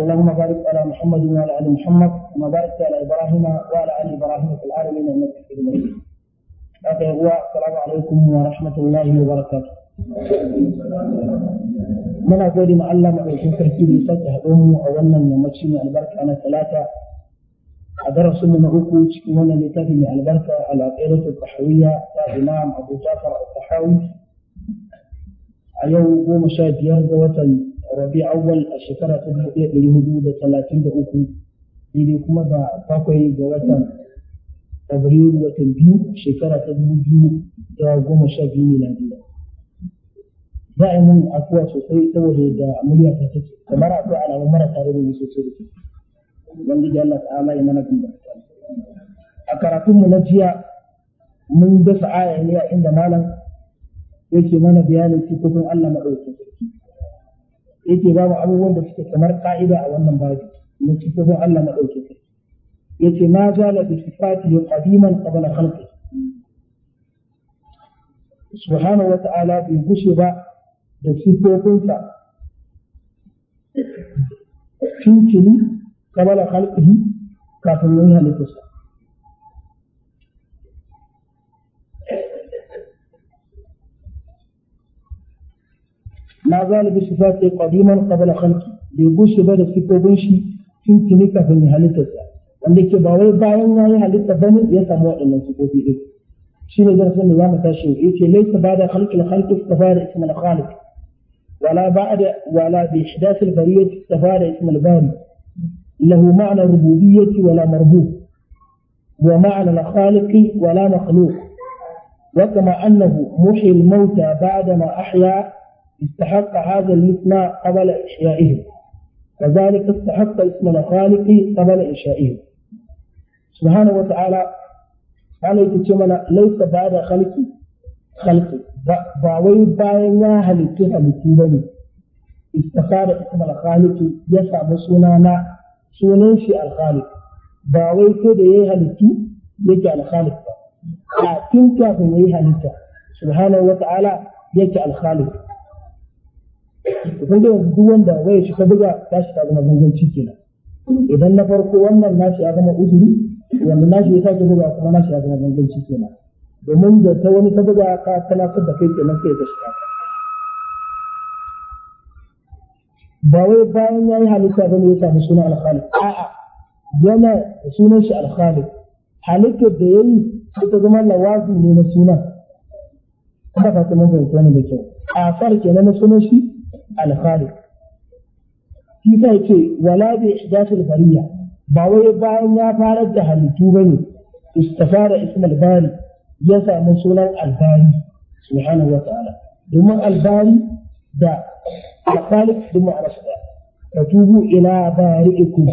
اللهم بارك على محمد وعلى ال محمد وما بارك على ابراهيم وعلى ال ابراهيم في العالمين انك حميد مجيد. هذا هو السلام عليكم ورحمه الله وبركاته. من اقول ما علم او شكر كل فتح امه او ان المجتمع البركه انا ثلاثه هذا رسول الله اوكوش وانا لتبني البركه على قيرة الطحاويه يا امام ابو جعفر الطحاوي اليوم هو مشاهد يرضى وطني rabi awwal a shekara ta dubu ɗaya ɗari hudu da talatin da uku daidai kuma da bakwai ga watan fabrairu watan biyu shekara ta dubu biyu da goma sha biyu miladiya za a yi mun afuwa sosai saboda da murya ta take kamar akwai mara marasa rabin sosai da take wanda da Allah ta'ala ya mana gumbar a karatunmu na jiya mun dasa aya ne a inda malam yake mana bayanin sifofin Allah maɗaukakin sarki yake babu abubuwan da suke kamar ka'ida a wannan babu na cikin Allah maɗaukaki yace ma zala bi sifatihi qadiman qabla khalqi subhanahu wa ta'ala bai gushe ba da sifofinsa cincini qabla khalqihi kafin yin halittarsa لا زال بصفاته قديما قبل خلقي بيقول بعد في بنشي في تلك في النهاية تسعى ولكن بعوض بعين يعني هل تفهم يسمع إلا سبوبي إيه شيل درس النظام تشيل إيه ليس بعد خلق الخلق استفاد اسم الخالق ولا بعد ولا بإحداث البرية استفاد اسم الباري له معنى ربوبية ولا مربوب ومعنى الخالق ولا مخلوق وكما أنه محي الموتى بعدما أحيا استحق هذا المثنى قبل إحيائهم وذلك استحق اسم الخالق قبل إنشائهم سبحانه وتعالى قال يتشمنا ليس بعد خلق خلق باوي باين يا هلتي هلتي بني استخار اسم الخالق يسع سنانا سنن شي الخالق باوي كده يا هلتي يجي الخالق لكن كافي يا هلتي سبحانه وتعالى يجي الخالق kun ga duk wanda waya shi ka buga tashi ta zama kenan idan na farko wannan nashi ya zama uzuri wanda nashi ya sake buga kuma nashi ya zama ganganci kenan domin da ta wani ta buga ka talakar da kai kenan sai ka kaka. ba wai bayan yayi halitta bane ya sami suna al-khaliq a'a yana sunan shi al Halitta da yayi sai ta zama lawazin ne na sunan kada ka kuma fahimta ne da kyau a far kenan na sunan shi al shi ta ce wala bi ihdathil bariya ba wai bayan ya fara da halittu bane istafara ismul bari ya samu sunan al-bari subhanahu wa ta'ala domin al-bari da al-khaliq duk ma'ana su daya ka tubu ila bari'ikum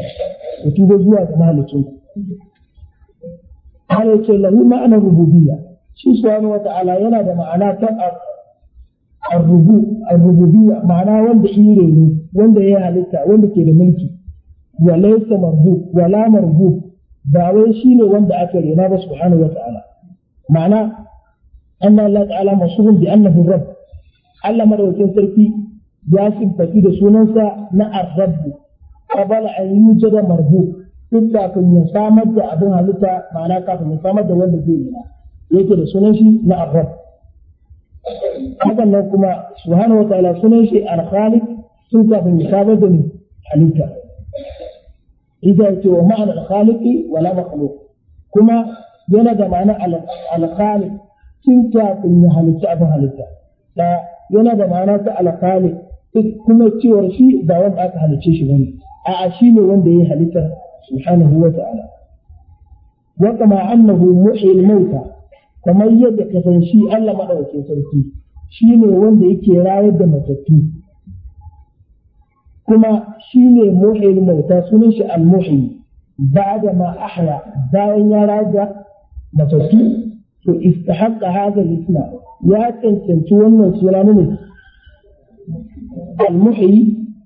ka tuba zuwa ga mahalicinku har ce lahu ma'anar rububiyya shi subhanahu wa ta'ala yana da ma'ana ta arrubu arrububiyya ma'ana wanda shi ne wanda ya halitta wanda ke da mulki wa laysa marbub wa la marbub shi ne wanda aka rena ba subhanahu wa ta'ala ma'ana anna Allah ta'ala masuhun bi annahu rabb Allah madaukakin sarki ya sifati da sunansa na ar-rabb qabala an yujada marbub duk kafin ya samar da abin halitta ma'ana samar da wanda yake da na ar hakan nan kuma subhanahu wataala sunan shi al-khaliq sun kafin ya saba da ni halitta idan ce wa ma'ana al-khaliqi wala makhluq kuma yana da ma'ana al-khaliq sun kafin ya halitta abin halitta da yana da ma'ana ta al-khaliq kuma cewar shi ba wanda aka halicce shi bane a'a shi ne wanda ya halitta subhanahu wataala wa kama annahu muhyil mauta kamar yadda ka san shi Allah madaukakin sarki shi ne wanda yake rayar da matattu kuma shi ne muhyil mauta sunan shi al-muhyi ba'da ma ahya bayan ya rayar da matattu to istahaqqa hadha al-isma ya cancanci wannan suna ne al-muhyi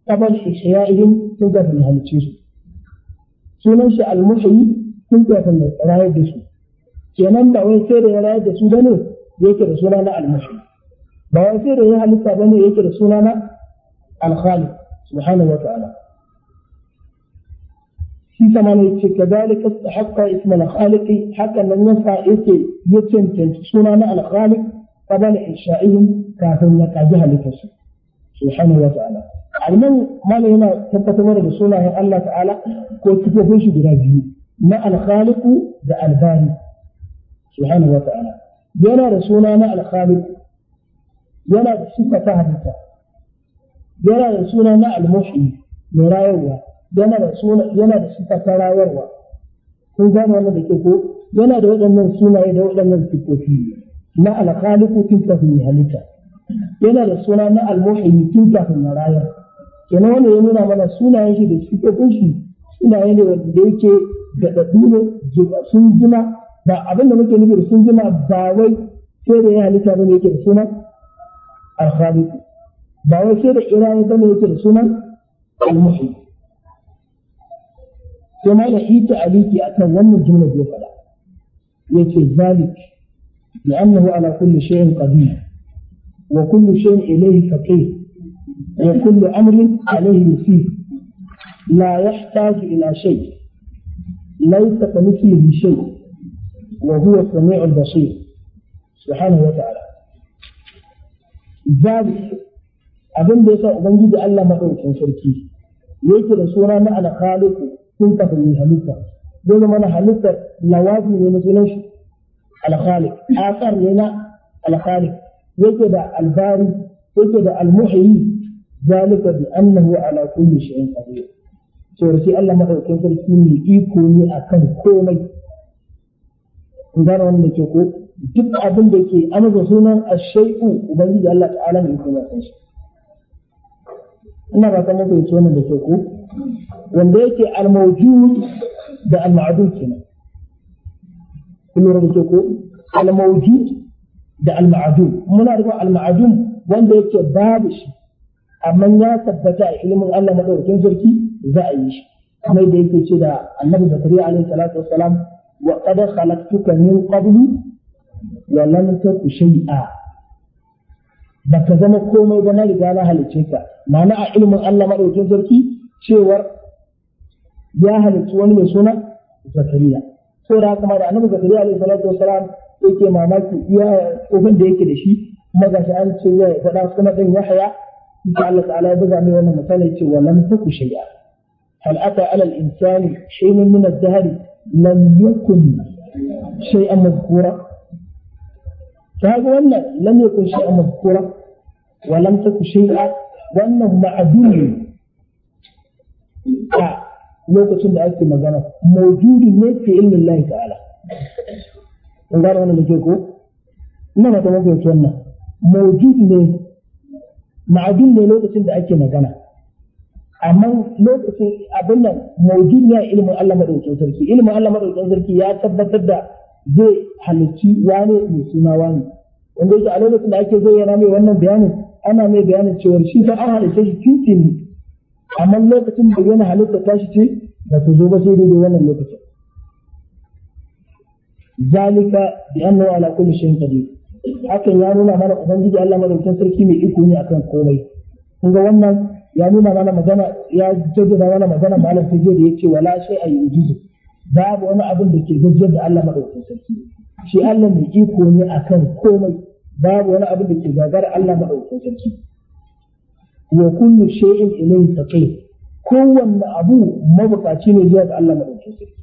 qabl ihya'ihim tun da halicce su sunan shi al-muhyi tun da rayar da su kenan ba wai sai da ya rayar da su bane yake da suna na al-muhyi ba sai da ya halitta bane yake da suna na al-khaliq subhanahu wa ta'ala shi sama ne ce kadalika istahaqqa isma al-khaliq haka nan yasa yake ya cancanci suna na al-khaliq qabala insha'ihim kafin ya kaji halittarsu subhanahu wa ta'ala alman mala yana tabbatar da sunayen Allah ta'ala ko tufofin shi guda biyu na alkhaliku da albari subhanahu wa ta'ala yana da suna na alkhaliku yana da sifa ta halitta yana da suna na almuhi mai rayarwa yana da suna yana da sifa ta rayarwa kun gane wannan da ke ko yana da waɗannan sunaye da waɗannan sifofi na alkhaliqu tun kafin halitta yana da suna na almuhi tun kafin rayar kenan wannan ya nuna mana sunayen shi da sifofin shi sunaye ne wanda yake da ne sun jima ba abin da muke nufi da sun jima ba wai sai da ya halitta bane yake da sunan الخالق ba yake da iraye bane yake da sunan al-muhyi to mai da ita aliki akan لأنه على كل شيء قدير وكل شيء إليه فقير وكل أمر عليه مسير لا يحتاج إلى شيء ليس كمثله شيء وهو السميع البصير سبحانه وتعالى jari abin da yasa ubangiji Allah madaukakin sarki yake da suna na al-khaliqu sun ta bin halitta dole mana halitta lawazi ne na sunan shi al-khaliq akar ne na al-khaliq yake da al-bari yake da al-muhyi zalika bi annahu ala kulli shay'in qadir to Allah madaukakin sarki ne iko ne akan komai kun gane wannan ke ko duk abin da ke amsa sunan ashai'u ubangiji Allah ta'ala mai kuma san shi ina ba ta mafi ce wannan da ke ko wanda yake al-mawjud da al-ma'dud kenan kun lura da ke ko al-mawjud da al-ma'dud muna da al-ma'dud wanda yake babu shi amma ya tabbata a ilimin Allah madaukakin sarki za a yi shi kamar da yake ce da Annabi Zakariya alaihi salatu wassalam wa qad khalaqtuka min qablu wa lam taku shay'a baka zama komai ba na riga na halice ka ma'ana a ilimin Allah madaukin sarki cewar ya halicci wani mai suna Zakariya ko da haka ma da Annabi Zakariya alaihi salatu wassalam yake mamaki iya tsofin da yake da shi kuma ga shi an ce ya faɗa suna ɗin Yahya insha Allah ta'ala ya buga mai wannan misali ce wa lam taku shay'a hal ata ala al-insani shay'un min ad-dahr lam yakun shay'an mazkura kaga wannan lam yakun shay'an mazkura wa lam taku shay'a wannan ma'adun a lokacin da ake magana mawjudi ne fi ilmillahi ta'ala in gane wannan da ke ko ina mata mafi wannan mawjudi ne ma'adun ne lokacin da ake magana amma lokacin abin nan maujin ya ilimin Allah madaukakin sarki ilimin Allah madaukakin sarki ya tabbatar da zai halici wani mai suna wani wanda yake a lokacin da ake yana mai wannan bayanin ana mai bayanin cewa shi fa an halitta shi ne amma lokacin da yana halitta shi ce ba ta zo ba sai dai wannan lokacin zalika bi annahu ala kulli shay'in qadir hakan ya nuna mana ubangiji Allah madaukakin sarki mai iko ne akan komai kun ga wannan ya nuna mana magana ya jaddada mana magana malam sai da yake wala shay ay yujizu babu wani abin da ke gajiyar da Allah madaukakin sarki shi Allah mai iko ne akan komai babu wani abin da ke gagara Allah madaukakin sarki wa kullu shay'in ilayhi taqi kowanne abu mabukaci ne zuwa ga Allah madaukakin sarki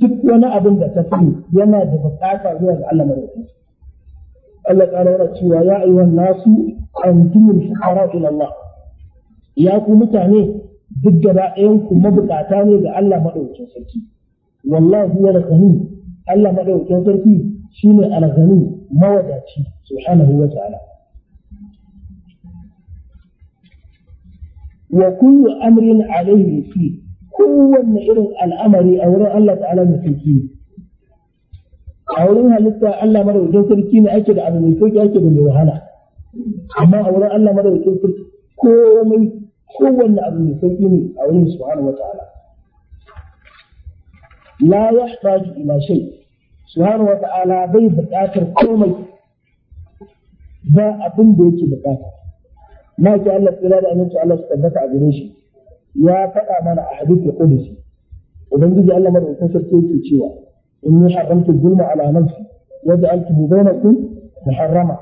duk wani abin da ka sani yana da bukata zuwa ga Allah madaukakin sarki Allah ta'ala yana cewa ya ayyuhan nasu antumul fuqara ila Allah ya ku mutane duk gaba ɗayan ku mabukata ne ga Allah madaukakin sarki wallahi huwa al-ghani Allah madaukakin sarki shine al-ghani mawadaci subhanahu wa ta'ala wa kullu amrin alayhi fi kowanne irin al'amari a wurin Allah ta'ala mai sarki a wurin halitta Allah madaukakin sarki ne ake da abu mai sauki ake da mai wahala amma a wurin Allah madaukakin sarki komai kowanne abu mai sauki ne a wurin subhanahu wataala la yahtaju ila shay subhanahu wataala bai buƙatar komai ba abin da yake buƙata na ji Allah tsira da aminci Allah su tabbata a gare shi ya faɗa mana a hadisi qudsi ubangiji Allah madaukakin sarki yake cewa inni haramtu zulma ala nafsi waja'altu bainakum muharrama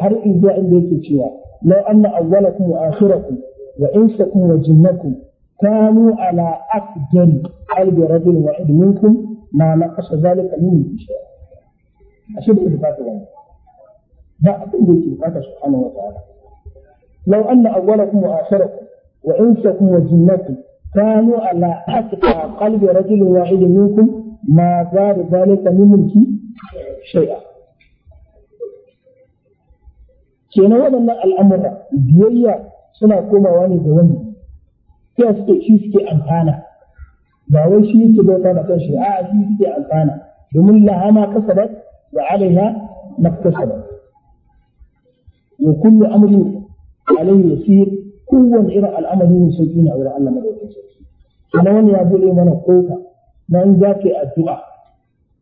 har in zuwa inda yake cewa la anna awwalakum wa akhirakum وإنس وجنكم كانوا على أفجر قلب رجل واحد منكم ما نقص ذلك من شيء أشد بكاته وانا ده أبن سبحانه وتعالى لو أن أولكم وآخركم وإنسكم وجنكم كانوا على أتقى قلب رجل واحد منكم ما زاد ذلك من ملكي شيئا kenan waɗannan الأمر بيئة suna komawa ne ga wani sai suke shi suke amfana ba wai shi yake bauta da kanshi a shi suke amfana domin laha ma kasabat wa alaiha maktasaba wa kullu amrin alaihi yasir kowanne irin al'amari ne sauki ne a wurin Allah madaukakin sarki kuma wani ya bude mana kofa na in za ka yi addu'a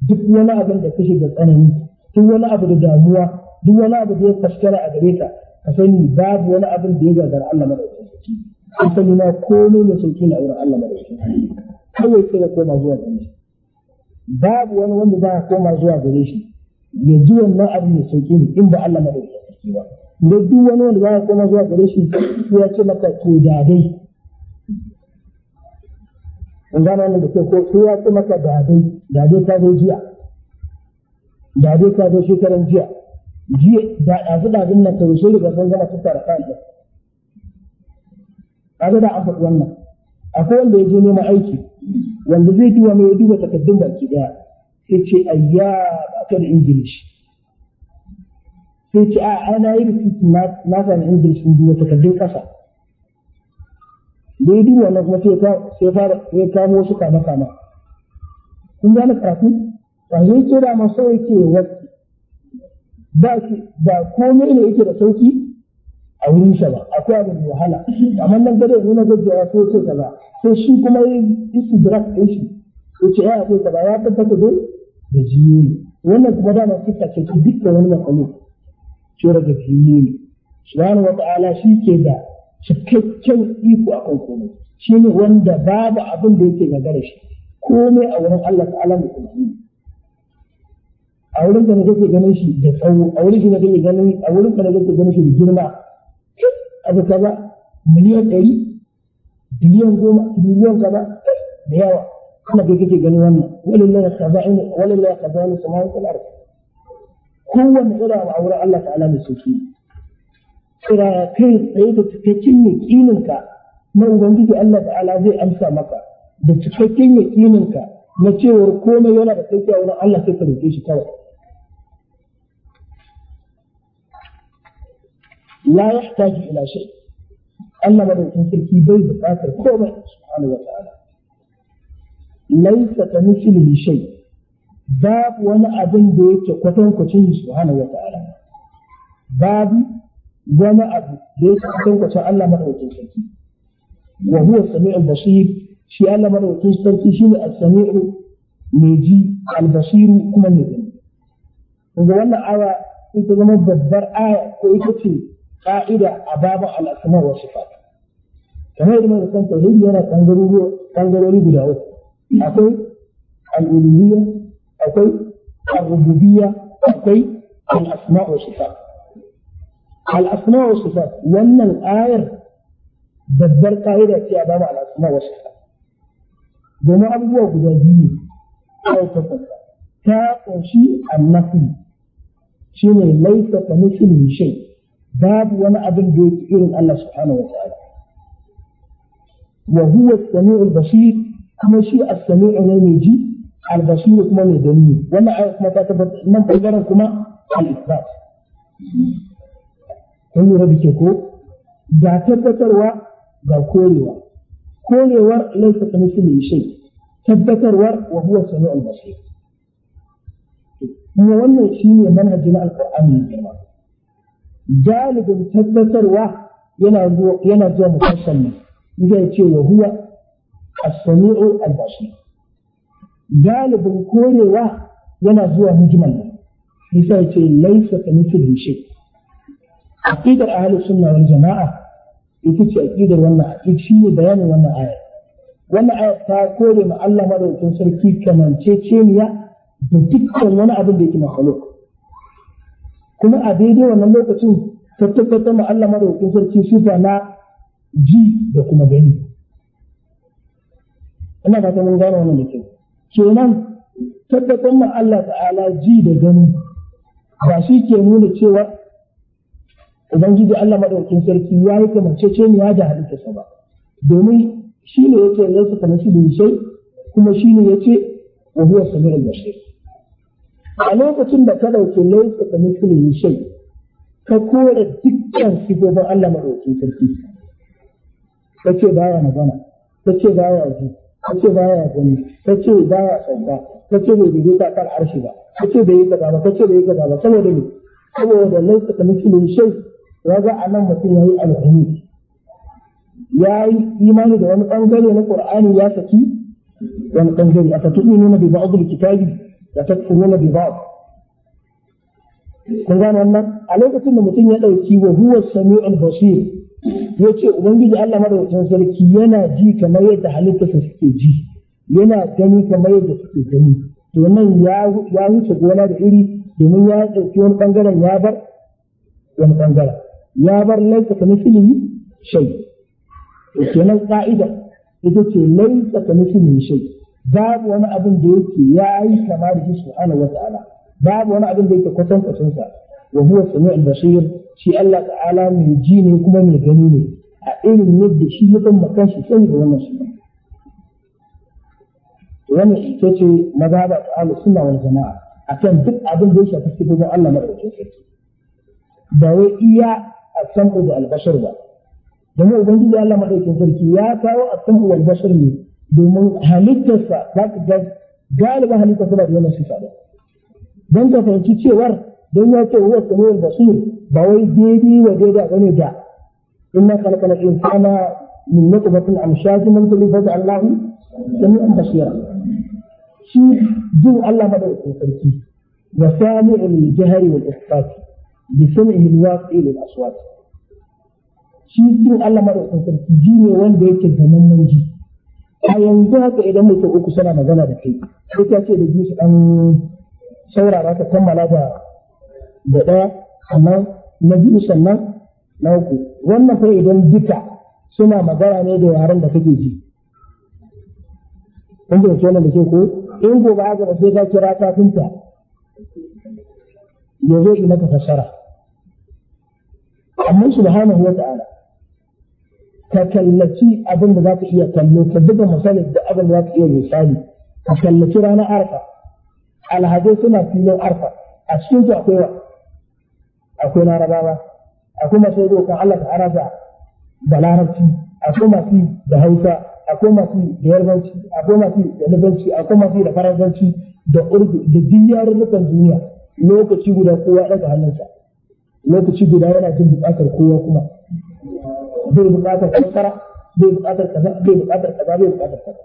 duk wani abin da kashe shiga tsanani duk wani abu da damuwa duk wani abu da ya kaskara a gare ka ka sani babu wani abin da ya gagara Allah madaukakin sarki ka sani na komai mai sauki na wurin Allah madaukakin sarki kawai sai ka koma zuwa gare shi babu wani wanda za a koma zuwa gare shi ya ji wannan abin mai sauki ne in ba Allah madaukakin sarki ba da duk wani wanda za a koma zuwa gare shi ya ce maka to da dai in gane wannan da ke ko sai ya ce maka da dai da dai ka zo jiya da dai ka zo shekaran jiya jiya da ɗazu ɗazun nan kawai sun riga sun gama tattara kayan ɗin kaga da an wannan akwai wanda ya je neman aiki wanda zai duba mai takaddun da ke ɗaya sai ce ayya ba ka ingilishi sai ce a ana yi rikiki na sami ingilishi in duba takardun ƙasa da ya duba wannan kuma sai fara ya kamo su kama kama kun gane karatu ba zai ce da masu yake ba shi ba komai ne yake da sauki a wurin shi ba akwai abin da wahala amma nan gado nuna gaggawa ko ce kaza sai shi kuma yi istidrak din shi ko ce ya akwai kaza ya tabbata dai da jiye ne wannan kuma dama sifa ce ta dukkan wani makalu ce daga jiye ne subhanahu wata'ala shi ke da cikakken iko kan komai shi ne wanda babu abin da yake gagara shi komai a wurin Allah ta'ala mutum kuma a wurin ka ne kake ganin shi da tsawo a wurin shi ne kake ganin a wurin ka ne ganin shi da girma a abu kaza miliyan ɗari biliyan goma miliyan kaza da yawa kuma kai kake ganin wannan walillahi khaza'in walillahi khaza'in samawati wal ardh kowanne ira wa wurin Allah ta'ala mai sauki kira kai tsaye da cikakken yaƙinin ka na ubangiji Allah ta'ala zai amsa maka da cikakken yaƙinin ka na cewar komai yana da sauki a wurin Allah sai ka roƙe shi kawai la yahtaju ila shay Allah madaukakin sarki bai buƙatar komai subhanahu wa ta'ala laisa ka mislihi shay babu wani abin da yake kwatankwacin shi subhanahu wa ta'ala babu wani abu da yake kwatankwacin Allah madaukakin sarki wa huwa samiul basir shi Allah madaukakin sarki shine as-sami'u mai ji al kuma mai zama babbar aya ko ita قائدة أباب الأسماء والصفات كما يرمى الإنسان توحيد يرى تنظروا تنظروا لي بلاه أكي الألوهية أقول الربوبية أقول الأسماء والصفات الأسماء والصفات وأن الآية بدل قائدة في أباب الأسماء والصفات بما أبوه بجديه أو تفكر كا وشي النفي شيء ليس كمثله شيء babu wani abin da yake irin Allah subhanahu wa ta'ala wa huwa as-sami'ul basir kuma shi as-sami'u ne mai ji al-basir kuma mai gani wannan ayat kuma ta tabbata nan bangaren kuma al-isbat kun lura da ke ko ga tabbatarwa ga korewa korewar laisa kamithlihi shay tabbatarwar wa huwa as-sami'ul basir kuma wannan shine manhajin al-qur'ani mai girma galibin tabbatarwa yana zuwa yana zuwa mufassal ne zai ce wa huwa as-sami'u al-basir galibin korewa yana zuwa mujmal ne nisa ce laisa ka mithlihi shay aqidar ahlus sunna wal jama'a ita ce aqidar wannan aqid shi ne bayanin wannan aya wannan aya ta kore ma Allah madaukakin sarki kamanceceniya da dukkan wani abin da yake makhluk kuma a daidai wannan lokacin ta tabbatar ma Allah madaukakin sarki sifa na ji da kuma gani ina ta mun gane wannan da kyau kenan tabbatar ma Allah ta'ala ji da gani ba shi ke nuna cewa ubangiji Allah maɗaukin sarki ya yi ya da halittarsa ba domin shi ne yake laysa kamithlihi shai, kuma shi ne ya ce wa huwa da shi. a lokacin da ka ɗauki laifin da mutum shai ka kore dukkan sigobin Allah maɗaukin sarki ka ce ba baya magana ka ce ba baya ji ka ce ba baya gani ka ce ba baya sauka ka ce bai bibi ta kan arshi ba ka ce bai yi gaba ba ka ce bai yi gaba ba saboda me saboda laifin da mutum shai waga a nan mutum ya yi alheri ya yi imani da wani ɓangare na ƙur'ani ya saki wani ɓangare a fatuɗi nuna da ba'adul kitabi da ta tsuruna bi ba'd kun gane wannan a lokacin da mutum ya ɗauki wa huwa sami'ul basir ce ubangiji Allah madaukakin sarki yana ji kamar yadda halitta suke ji yana gani kamar yadda suke gani to nan ya wuce gona da iri domin ya ɗauki wani ɓangaren ya bar wani ɓangaren. ya bar shai. kamithlihi ke kenan ka'ida ita ce laisa yi shai. babu wani abin da yake ya yi kama da shi subhanahu wa ta'ala babu wani abin da yake kwatan kwatan sa wa huwa samiul basir shi Allah ta'ala mai ji ne kuma mai gani ne a irin yadda shi ya kan makan shi sai da wannan shi wannan ita ce mazhaba ta ahlus suna wani jamaa A kan duk abin da ya shafi cikin Allah madaukakin sarki ba wai iya a samu da al-bashar ba domin ubangiji Allah madaukakin sarki ya kawo a samu albashar ne domin halittarsa za ku ga galiba halittarsa ba da wannan sifa ba don ka fahimci cewar don ya ce wa samuwar basir ba wai daidai wa daida bane da inna khalaqal insana min nutfatin amshajin da fa ja'alnahu sami'an basira shi jin Allah madaukakin sarki wa sami'ul jahri wal ikhfat bi sam'ihi al-waqi lil aswat shi jin Allah madaukakin sarki ji ne wanda yake da nan ji a yanzu haka idan mutum uku suna magana da kai sai ta ce da biyu an ɗan saurara ka kammala da da ɗaya sannan na biyu sannan na uku wannan fa idan duka suna magana ne da yaren da kake ji kun da wannan da ke ko in gobe haka ba sai ka kira kafinta ya zo yi maka fassara amma subhanahu wa ta'ala ka kallaci abin da za ka iya kallo ka duba misali da abin da za ka iya misali ka kallaci ranar arfa alhaji suna filin arfa a cikin su akwai wa akwai larabawa akwai masu roƙon Allah ta arafa da larabci akwai masu da hausa akwai masu da yarbanci akwai masu da nufanci akwai masu da faransanci da urdu da duk yarurrukan duniya lokaci guda kowa daga hannunsa lokaci guda yana jin bukatar kowa kuma bai buƙatar kankara bai buƙatar kaza bai buƙatar kaza bai buƙatar kaza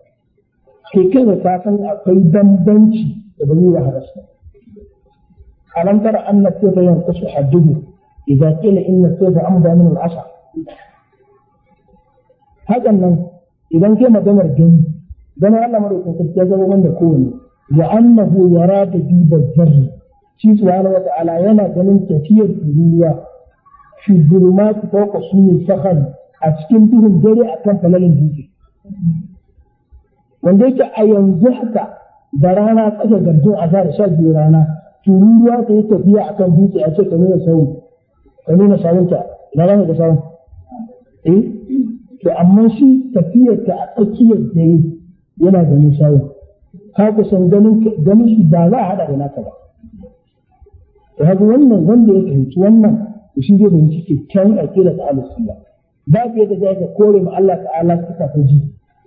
kai kanka ka san akwai bambanci da bai wa harasu alam tara anna sayfa yanqusu hadduhu idza qila inna sayfa amda min al-ashr hakan nan idan kai maganar gani dan Allah madaukakin sarki ya zama wanda kowanne wa annahu yara da bi da zarri shi subhanahu wa ta'ala yana ganin tafiyar duniya fi zulumati fawqa sunni sakhar a cikin duhun dare akan falalin dutse wanda yake a yanzu haka da rana tsaka garjin zara sha biyu rana tururuwa ta yi tafiya akan dutse a ce ka nuna sawu ka nuna sawunta na rana ga sawun eh to amma shi tafiyar ta a tsakiyar dare yana ganin sawu ka kusan ganin ganin shi ba za a hada da naka ba to haka wannan wanda ya fahimci wannan to shi zai fahimci kyakkyawan aƙida ta ahlus sunna ba ka yadda zai ka kore ma Allah ta'ala sifa ta ji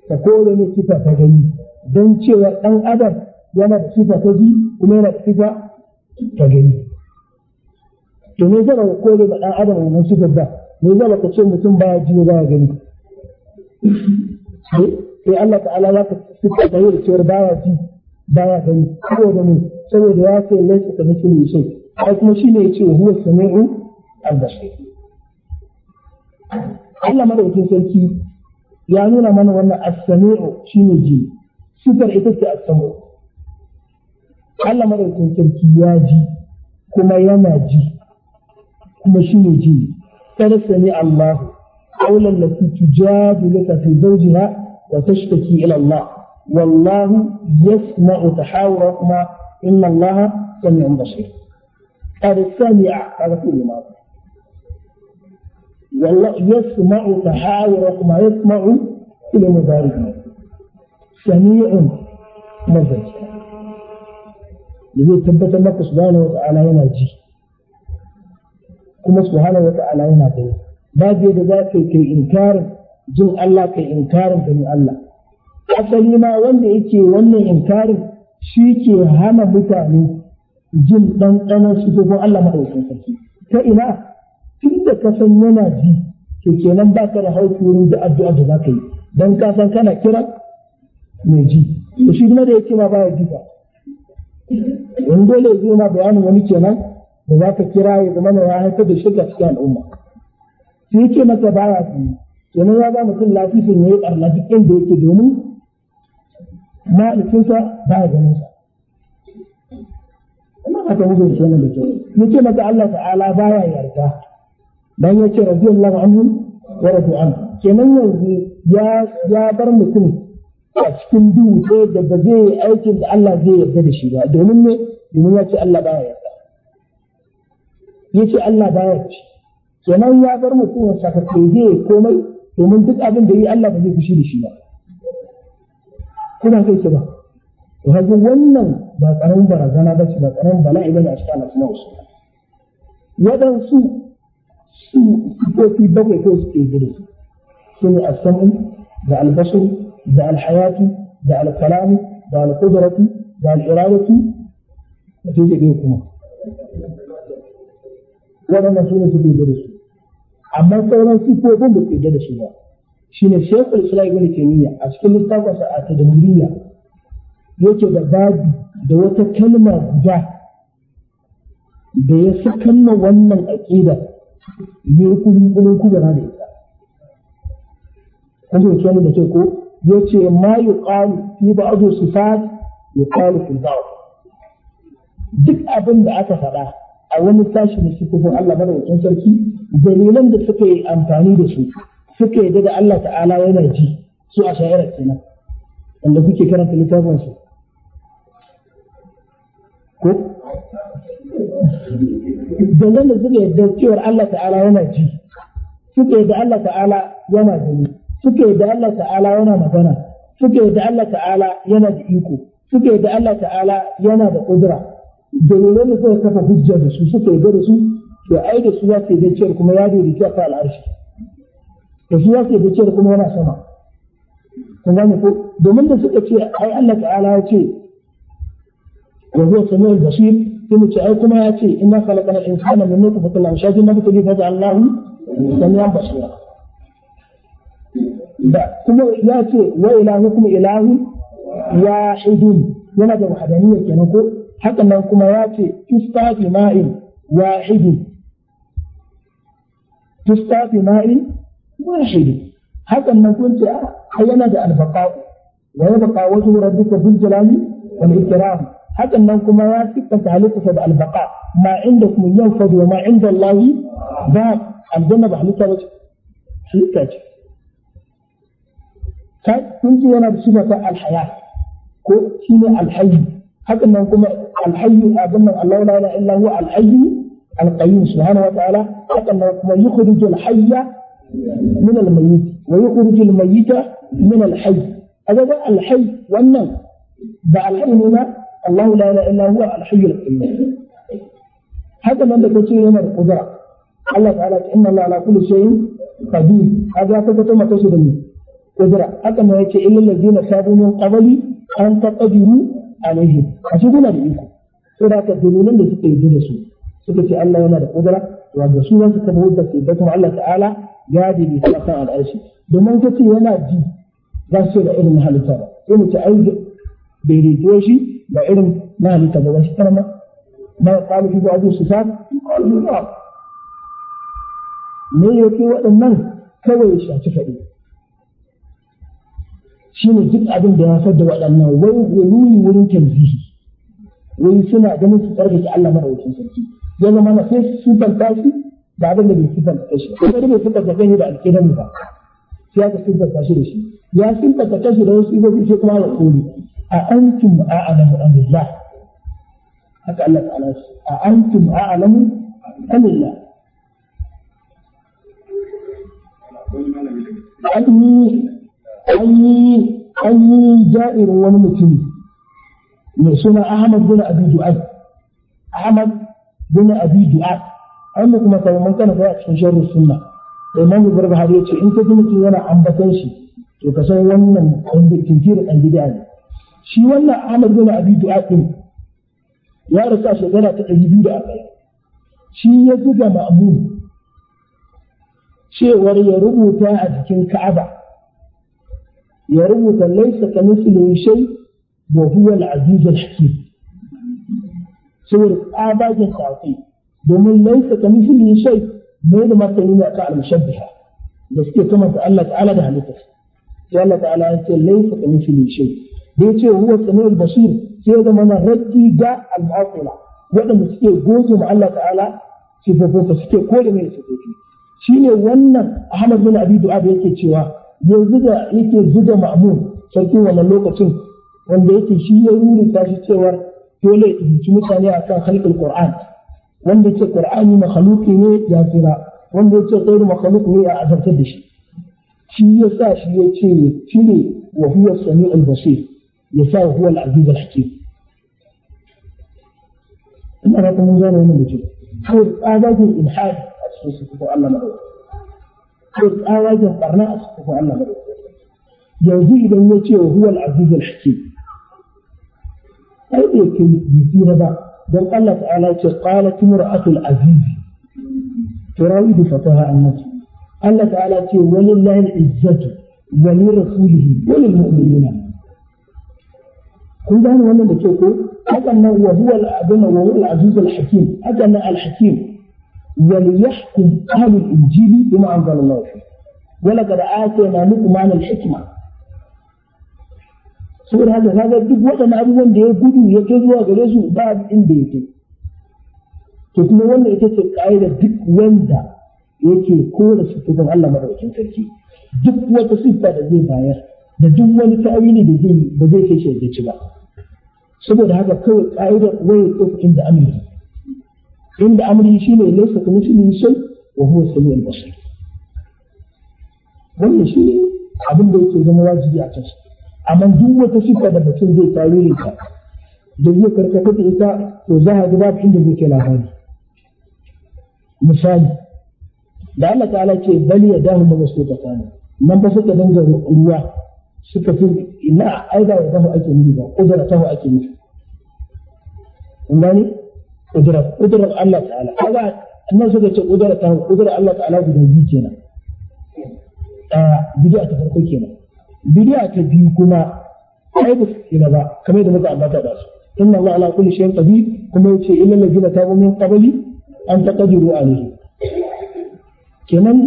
ka kore ne sifa ta gani don cewa ɗan adam yana da sifa ta ji kuma yana da sifa ta gani to me zai ka kore ma ɗan adam wannan sifar ba me zai ka ce mutum baya ji ya gani sai Allah ta'ala ya ka sifa ta yi da cewar baya ji baya gani saboda ne saboda ya ce laifin ka mutum ne sai ai kuma shi ne ya ce huwa sami'u البشريه الله مره تسلكي يا نور من وانا السميع شنو جي سوبر ايتس السمع الله مره تسلكي يا جي كما يما جي كما شنو جي فرسني الله أولا التي تجادلك في زوجها وتشتكي الى الله والله يسمع تحاوركما ان الله سميع بشير. قال السامع هذا كل ما يسمع تحاور ما يسمع إلى مضارعه سميع مزج لذي تبت الله سبحانه وتعالى هنا جي كما سبحانه وتعالى هنا جي بعد ذلك كي إنكار جن الله كي إنكار بني الله أصلي ما wanda yake wannan inkarin shi ke hana mutane jin ɗanɗanon su ko Allah maɗaukin sarki ta da ka san yana ji to kenan ba ka da hauki wurin da addu'a da za ka yi Don ka san kana kira mai ji to shi kuma da yake ma baya ji ba wani dole ya zo ma bayanin wani kenan da za ka kira ya zama ya haifar da shirka cikin al'umma sai yake masa baya su kenan ya ba mutum lafisin ya yi ɓarna duk inda yake domin ba ya ganin sa ina fata mutum shi wannan da kyau yake mata Allah ta'ala baya yarda dan yace radiyallahu anhum wa radu an kenan yanzu ya ya bar mutum a cikin duhu ko da ba zai yi aikin da Allah zai yarda da shi ba domin ne domin ya ce Allah baya yarda ya ce Allah baya ci kenan ya bar mutum sakatare zai komai domin duk abin da yi Allah ba zai fushi da shi ba kuma kai ce ba to haka wannan ba karamin barazana ba ce ba karamin bala'i ba ne a cikin al'umma wasu waɗansu sifofi bakwai ko su ke gare su su ne as-sam'u da al da alhayatu da al da al da al-iradatu da ke gare kuma waɗannan su ne su ke su amma sauran sifofin da ke gare su ba shi ne shekul islam ibn taymiya a cikin littafinsa a tadmuriya yake da babu da wata kalma guda da ya sakanna wannan aƙidar ya kuri kuma na da ita kuma fahimci wannan da ke ko ya ce ma yuqalu fi sa ya yuqalu fi ba'd duk abin da aka faɗa a wani sashi na sifofin Allah madaukakin sarki dalilan da suka yi amfani da su suka yi daga Allah ta'ala yana ji su a sha'irar kenan wanda kuke karanta littafin su ko zanzan da suka da cewar Allah ta'ala yana ji suke da Allah ta'ala yana gani suke da Allah ta'ala yana magana suke da Allah ta'ala yana da iko suke da Allah ta'ala yana da kudura dalilan da suka kafa hujja da su suke da su to ai da su za da cewar kuma ya dori ta al'arshi da su za da cewar kuma yana sama kun gane ko domin da suka ce ai Allah ta'ala ya ce wa huwa samiul basir sai ce ai kuma ya ce inna khalaqana insana min nutfatin amshajin nabtali faj'alnahu samian basira da kuma ya ce wa ilahu kuma ilahu wahidun yana da wahdaniyya kenan ko hakan nan kuma ya ce tustafi ma'in wahidin tustafi ma'in wahidin hakan nan kun ce ai yana da albaqa'u wa yabqa wajhu rabbika bil jalali wal ikram hakan nan kuma ya siffanta halittarsa da albaqa ma inda kuma yau fadu ma inda Allah ba aljanna ba halitta ba halitta ce ka kun ji yana da sifa ta alhaya ko shine alhayy hakan nan kuma alhayy abin nan Allah la ilaha illa huwa alhayy alqayyum subhanahu wa ta'ala hakan nan kuma yukhrijul hayya min almayyit wa yukhrijul mayyita min alhayy aga alhayy wannan ba alhayy ne Allahu la ilaha illa huwa al-hayyul qayyum haka nan da kace yana da kudura Allah ta'ala ta inna Allah ala shay'in qadir kaga ka kace maka su da ni kudura haka nan yace illal ladina sabu min qabli an taqdiru alaihi a cikin da iko sai da ka dalilan da suka yi da su suka ce Allah yana da kudura wa da su wasu kuma wadda ke da kuma Allah ya domin yana ji za da irin halitta ba Daidaito shi ba irin na halitta ba shi karama na shi ba abu su sa ƙalifi ba me yake waɗannan kawai ya shaci faɗi shi ne duk abin da ya far waɗannan wai wani wurin tanzihi wai suna ganin su tsarkake Allah madaukakin sarki ya zama na sai su fanta shi da abin da bai sifanta shi kuma da bai sifanta kai ne da alƙidan ba sai aka sifanta shi da shi ya sifanta kashi da wasu ibobi sai kuma ya koli أأنتم أعلم أم الله هكا الله تعالى أأنتم أعلم أم الله أني أني أني جائر ونمتني mai suna Ahmad bin Abi Du'ai Ahmad bin Abi Du'ai an kuma kai kana a cikin sharri sunna Imam Ibn Bahari yace in kaji mutum yana ambatan shi to ka san wannan kan da shi wannan Ahmad bin Abi Du'ad din ya rasu a shekara ta 240 shi ya zuga ma'mun cewar ya rubuta a jikin Ka'aba ya rubuta laisa ka mislihi shay wa huwa al-aziz al-hakim saboda tsabagen tsafi domin laisa ka mislihi shay ne da martani ne aka al-mushabbiha da suke kamanta Allah ta'ala da halittarsa sai Allah ta'ala ya ce laisa ka mislihi shay da yace huwa samiul basir sai zama na raddi ga al waɗanda suke goge ma Allah ta'ala sifofinsa suke kore mai Shi ne wannan Ahmad bin Abi Du'ab yake cewa yanzu yake zuga Ma'mun sarkin wannan lokacin wanda yake shi ya rubuta shi cewa dole ya tunci mutane akan halkul Qur'an wanda yake Qur'ani makhluqi ne ya fira wanda yake tsoro makhluq ne ya azabtar da shi shi ya sa shi ya ce ne wa huwa sami'ul basir yasha huwa al-aziz al-hakim ina ga mun gane wannan mutum kawai tsabagen ilhadi a cikin sufufin Allah madaukaki kawai tsabagen barna a sufufin Allah madaukaki yanzu idan ya ce wa huwa al-aziz al-hakim ai bai kai bisira ba don Allah ta'ala ce qalat imra'atu al-aziz turawidu fataha annati Allah ta'ala ce walillahi al-izzatu wa li rasulihi wa lil mu'minina kun gane wannan da ke ko hakan nan wa huwa al-adna wa huwa al-aziz al-hakim hakan nan al-hakim wal yahkum ahli al-injili bima anzala Allah fi wa laqad atayna luqman al-hikma saboda haka kaga duk waɗannan abubuwan da ya gudu ya kai zuwa gare su ba inda yake to kuma wannan ita ce ƙa'ida duk wanda yake kora sifofin Allah madaukakin sarki duk wata siffa da zai bayar da duk wani ta'awili da zai ba zai kai shi ci ba saboda haka kawai kaida wayar tsuf inda amri inda amri shine laysa kamithlihi shi wa huwa as-sami'ul basir wannan ne abin da yake zama wajibi a kansa amma duk wata sifa da mutum zai ne ta da zai karkata da ita to za a ga inda zai kai labari misali da Allah ta'ala ce bal yadahu mabsutatani nan ba suka dinga ruwa suka fi ina aida da tahu ake nufi ba kudura tahu ake nufi kun gani kudura kudurar Allah ta'ala kaga annan suka ce kudura tahu kudurar Allah ta'ala guda biyu kenan daya bidiya ta farko kenan bidiya ta biyu kuma ai ba su ba kamar yadda muka ambata da su inna Allah ala kulli shay'in qadir kuma yace illal ladina tabu min qabli an taqdiru alayhi kenan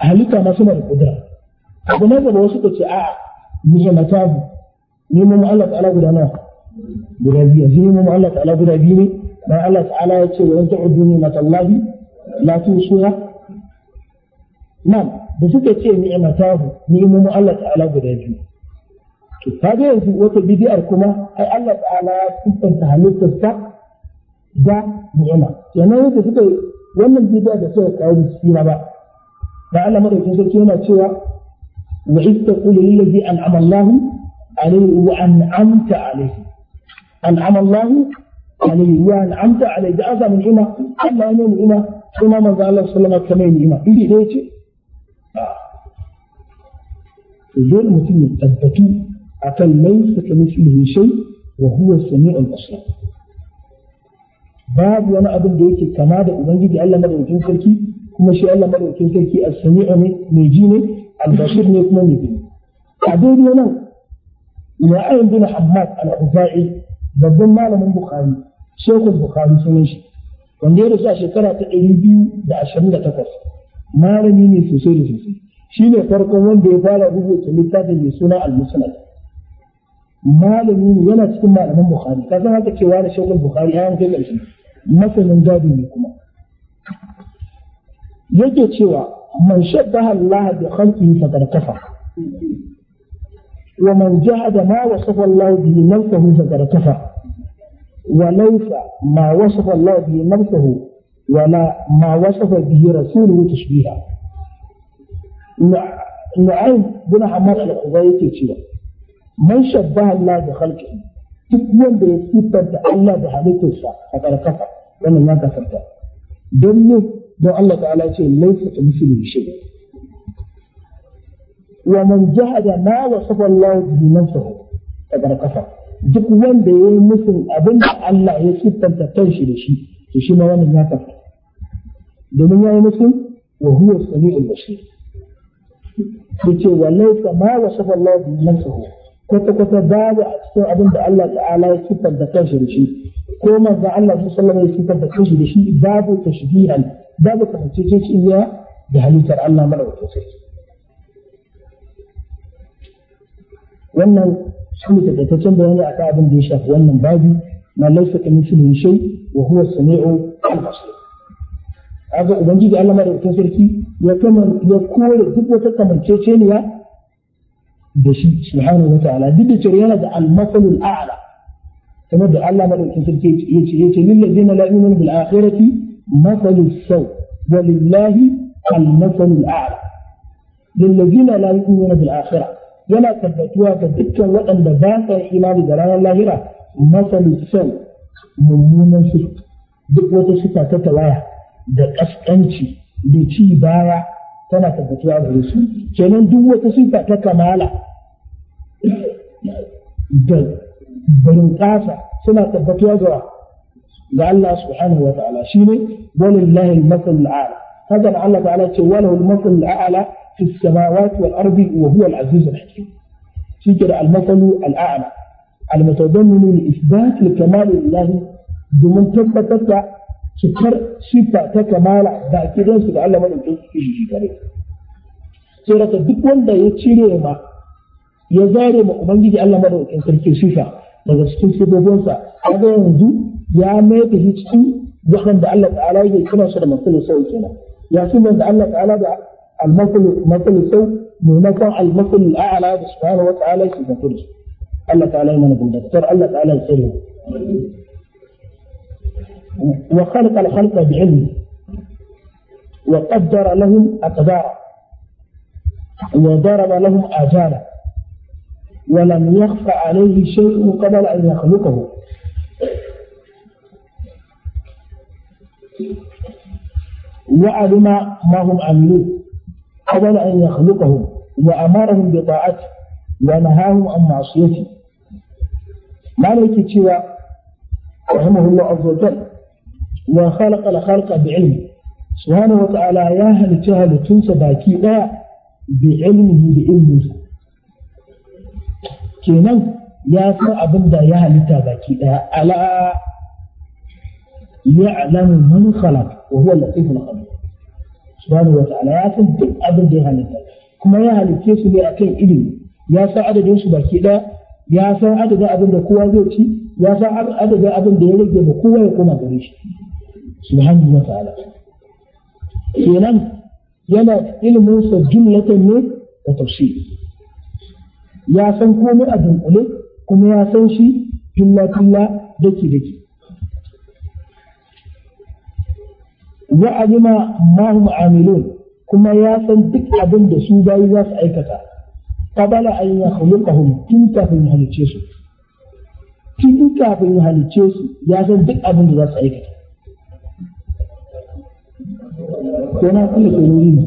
halitta ma suna da kudura abu na gaba wasu ka ce a ni'imatahu neman Allah ta'ala guda nawa guda biyu shi neman Allah ta'ala guda biyu ne dan Allah ta'ala ya ce wa in ta'udu ni'matallahi la tusuha nan da suka ce ni ni'imatahu mu Allah ta'ala guda biyu to kaga yanzu wata bidiyar kuma ai Allah ta'ala ya tsanta halittarsa da ni'ima kenan yadda suka wannan bidiyar da suka kawo su ba da Allah madaukakin sarki yana cewa وإذ تقول للذي أنعم الله عليه وأنعمت عليه أنعم الله عليه وأنعمت عليه ده أزام الإمام أما أنا الإمام ثم ما زال الله صلى الله عليه وسلم كما الإمام إيه ليش؟ آه. ودور مثل التبكي أكل ليس كمثله شيء وهو سميع البصر باب وانا ابن دوكي كما دا ابن جدي الله مدعو تنسلكي كما شيء الله مدعو تنسلكي السميع من ميجيني albashir ne kuma mai a daidai nan ya ayin bin hamad al-hufa'i babban malamin bukhari shekul bukhari sunan shi wanda ya shekara ta ɗari biyu da ashirin da takwas malami ne sosai da sosai shi ne farkon wanda ya fara rubuta littafin mai suna al-musnad malami ne yana cikin malamin bukhari ka san haka cewa da shekul bukhari ya yanke ƙarshe masanin gado ne kuma yake cewa man shabbaha Allah bi khalqihi faqad kafara wa man jahada ma wasafa Allah bihi nafsuhu faqad kafara wa laifa ma wasafa Allah bihi nafsuhu ولا ما وصف به رسوله تشبيها نعيم بن عمر القضية تشبيه من شبه الله بخلقه تكون بيسيبا الله بحليته الساعة فقال كفر وانا ما كفرت دمي don Allah ta'ala ce laifin kamfili shi wa man jahada ma wasafa Allah bihi nafsahu daga kasa duk wanda ya yi musu abin da Allah ya siffanta kanshi da shi to shi ma wannan ya kafa domin ya yi musu, wa huwa sami'ul basir yace wa laysa ma wasafa Allah bihi nafsahu kwata kwata babu a cikin abin da Allah ta'ala ya siffanta kanshi da shi ko ma manzo Allah sallallahu alaihi wasallam ya siffanta kanshi da shi babu tashbihan babu kamanceceniya da halittar Allah madaukakin sarki wannan shi ne takaitaccen bayani a abin da ya shafi wannan babi na babu ma laysa kamithlihi shai, wa huwa as-sami'u al-basir kaga ubangiji Allah madaukakin sarki ya kaman ya kore duk wata kamanceceniya da shi subhanahu wa ta'ala duk da cewa yana da al-masalul a'la kamar da Allah madaukakin sarki yace yace lil ladina la yu'minu bil akhirati مثل السوء ولله المثل الأعلى للذين لا يؤمنون بالآخرة ولا تبتوا تبتوا وأن باقى إيمان بلان اللاهرة مثل السوء ممنون سوء duk wata suka ta tawaya da ƙasƙanci da ci baya tana tabbatuwa da su kenan duk wata sifa ta kamala da barin suna tabbatuwa ga ga Allah subhanahu wa ta'ala shine walillahi al-masal al-a'la kaga Allah ta'ala ce walahu al-masal al-a'la fi as-samawati wal ardi wa huwa al-aziz al-hakim shike da al-masal al-a'la al-mutadammin li-ithbat al-kamal lillahi domin tabbatar da cikar sifa ta kamala da kidan su da Allah madaukakin shi shi kare sai raka duk wanda ya cire ma ya zare ma ubangiji Allah madaukakin sarki sifa daga cikin sifofinsa kaga yanzu يا ميت هيتشي يخلن بألف على يكون شر من كل سوء يا سيد من بألف المثل المثل سوء من نفع المثل الأعلى سبحانه وتعالى سيد كل الله تعالى من ابن دكتور الله تعالى سيره وخلق الخلق بعلم وقدر لهم أقدارا وضرب لهم آجالا ولم يخف عليه شيء قبل أن يخلقه وعلم ما هم عملوه قبل أن يخلقهم وأمرهم بطاعته ونهاهم عن معصيته ما لك سوى رحمه الله عز وجل وخلق الخلق بعلمه سبحانه وتعالى يا هل تهل تنسى باكي بعلمه بإلمه kenan ya san abin da ya halitta baki daya ala يعلم من خلق وهو اللطيف الخبير سبحانه وتعالى يا سن duk abin da ya halitta kuma ya halitte su ne akan ilimi ya san adadin baki da ya san adadin abin da kowa zai ci ya san adadin abin da ya rage da kowa ya koma gare shi wa ta'ala kenan yana ilimin sa jumlatan ne da tafsir ya san komai a dunkule kuma ya san shi jumla daki daki wa alima ma hum amilun kuma ya san duk abin da su bayi za su aikata qabala an yakhluqahum tun kafin ya halice su tun kafin ya halice su ya san duk abin da za su aikata ko na kula da wuri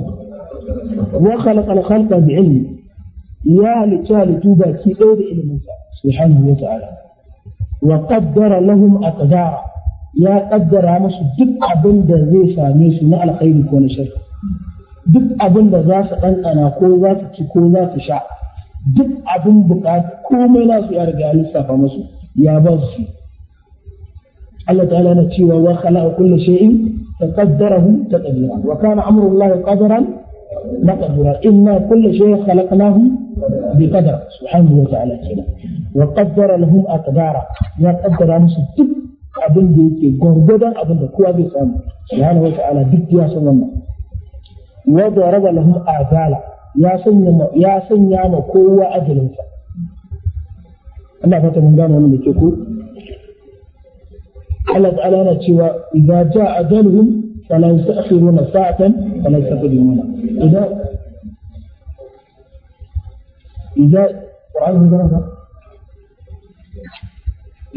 wa khalaqa khalqa bi ilmi ya halitta halittu baki ɗaya da ilminsa subhanahu wa ta'ala wa qaddara lahum aqdara ya kaddara musu duk abin da zai same su na alkhairi ko na shirka duk abin da za su ɗanɗana ko za su ci ko za su sha duk abin bukatu komai nasu ya riga ya lissafa musu ya ba su Allah ta'ala na cewa wa khalaqa kullu shay'in faqaddarahu taqdira wa kana amru Allah qadaran maqdura inna kullu shay'in khalaqnahu biqadar subhanahu wa ta'ala kina wa qaddara lahum aqdara ya qaddara musu duk abin da yake gwargwadon abin da kowa zai samu subhanahu wata'ala duk ya san wannan wa daraba lahum azala ya sanya ya sanya ma kowa ajalinsa Allah fata mun gane wannan da ke ko Allah ta'ala yana cewa idza jaa ajaluhum fala yastakhiruna sa'atan fala yastaqdimuna idan idan Qur'an ne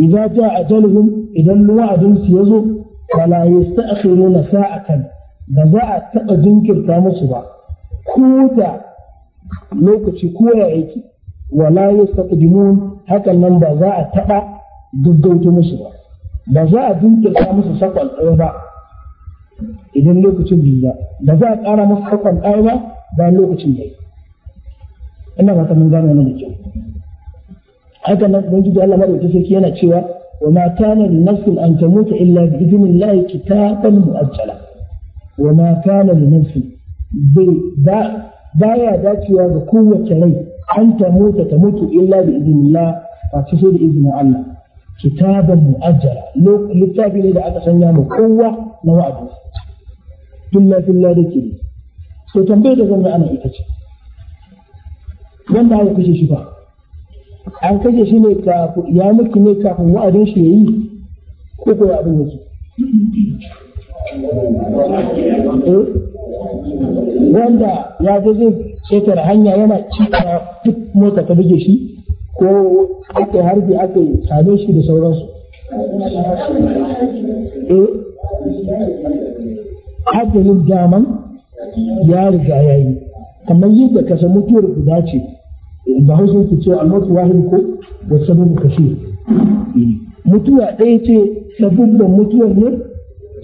idza jaa ajaluhum idan wa'adin su yazo fala yasta'khiruna sa'atan ba za a taba jinkirta musu ba ko da lokaci ko ya yake wala yastaqdimun hakan nan ba za a taba gaggauta musu ba ba za a jinkirta musu sakon ɗaya ba idan lokacin biyu ba za a ƙara musu sakon ɗaya ba bayan lokacin da ina ba mun da kyau haka nan ubangiji Allah madaukakin sarki yana cewa wa ma kana li nafsin an tamuta illa bi idnillahi kitaban muajjala wa ma kana li nafsin bai ba baya dacewa ga kowace rai an tamuta ta mutu illa bi idnillah ba ta so da izinin Allah kitaban muajjala littafi ne da aka sanya mu kowa na wa'adi billa billa dake ke to tambayar da zan ana ita ce wanda haka kashe shi ba an kashe shi ne kafin ya mutu ne kafin wa'adin shi yayi ko ko abin yake eh, wanda ya ga zai ketare hanya yana cikin duk mota ta buge shi ko aka harbi aka same shi da sauransu eh adalin daman ya riga ya yi kamar yadda kasa mutuwar guda ce da hausa yake cewa almatu wahid ko da sababu kashi mutuwa ɗaya ce sabubban mutuwar ne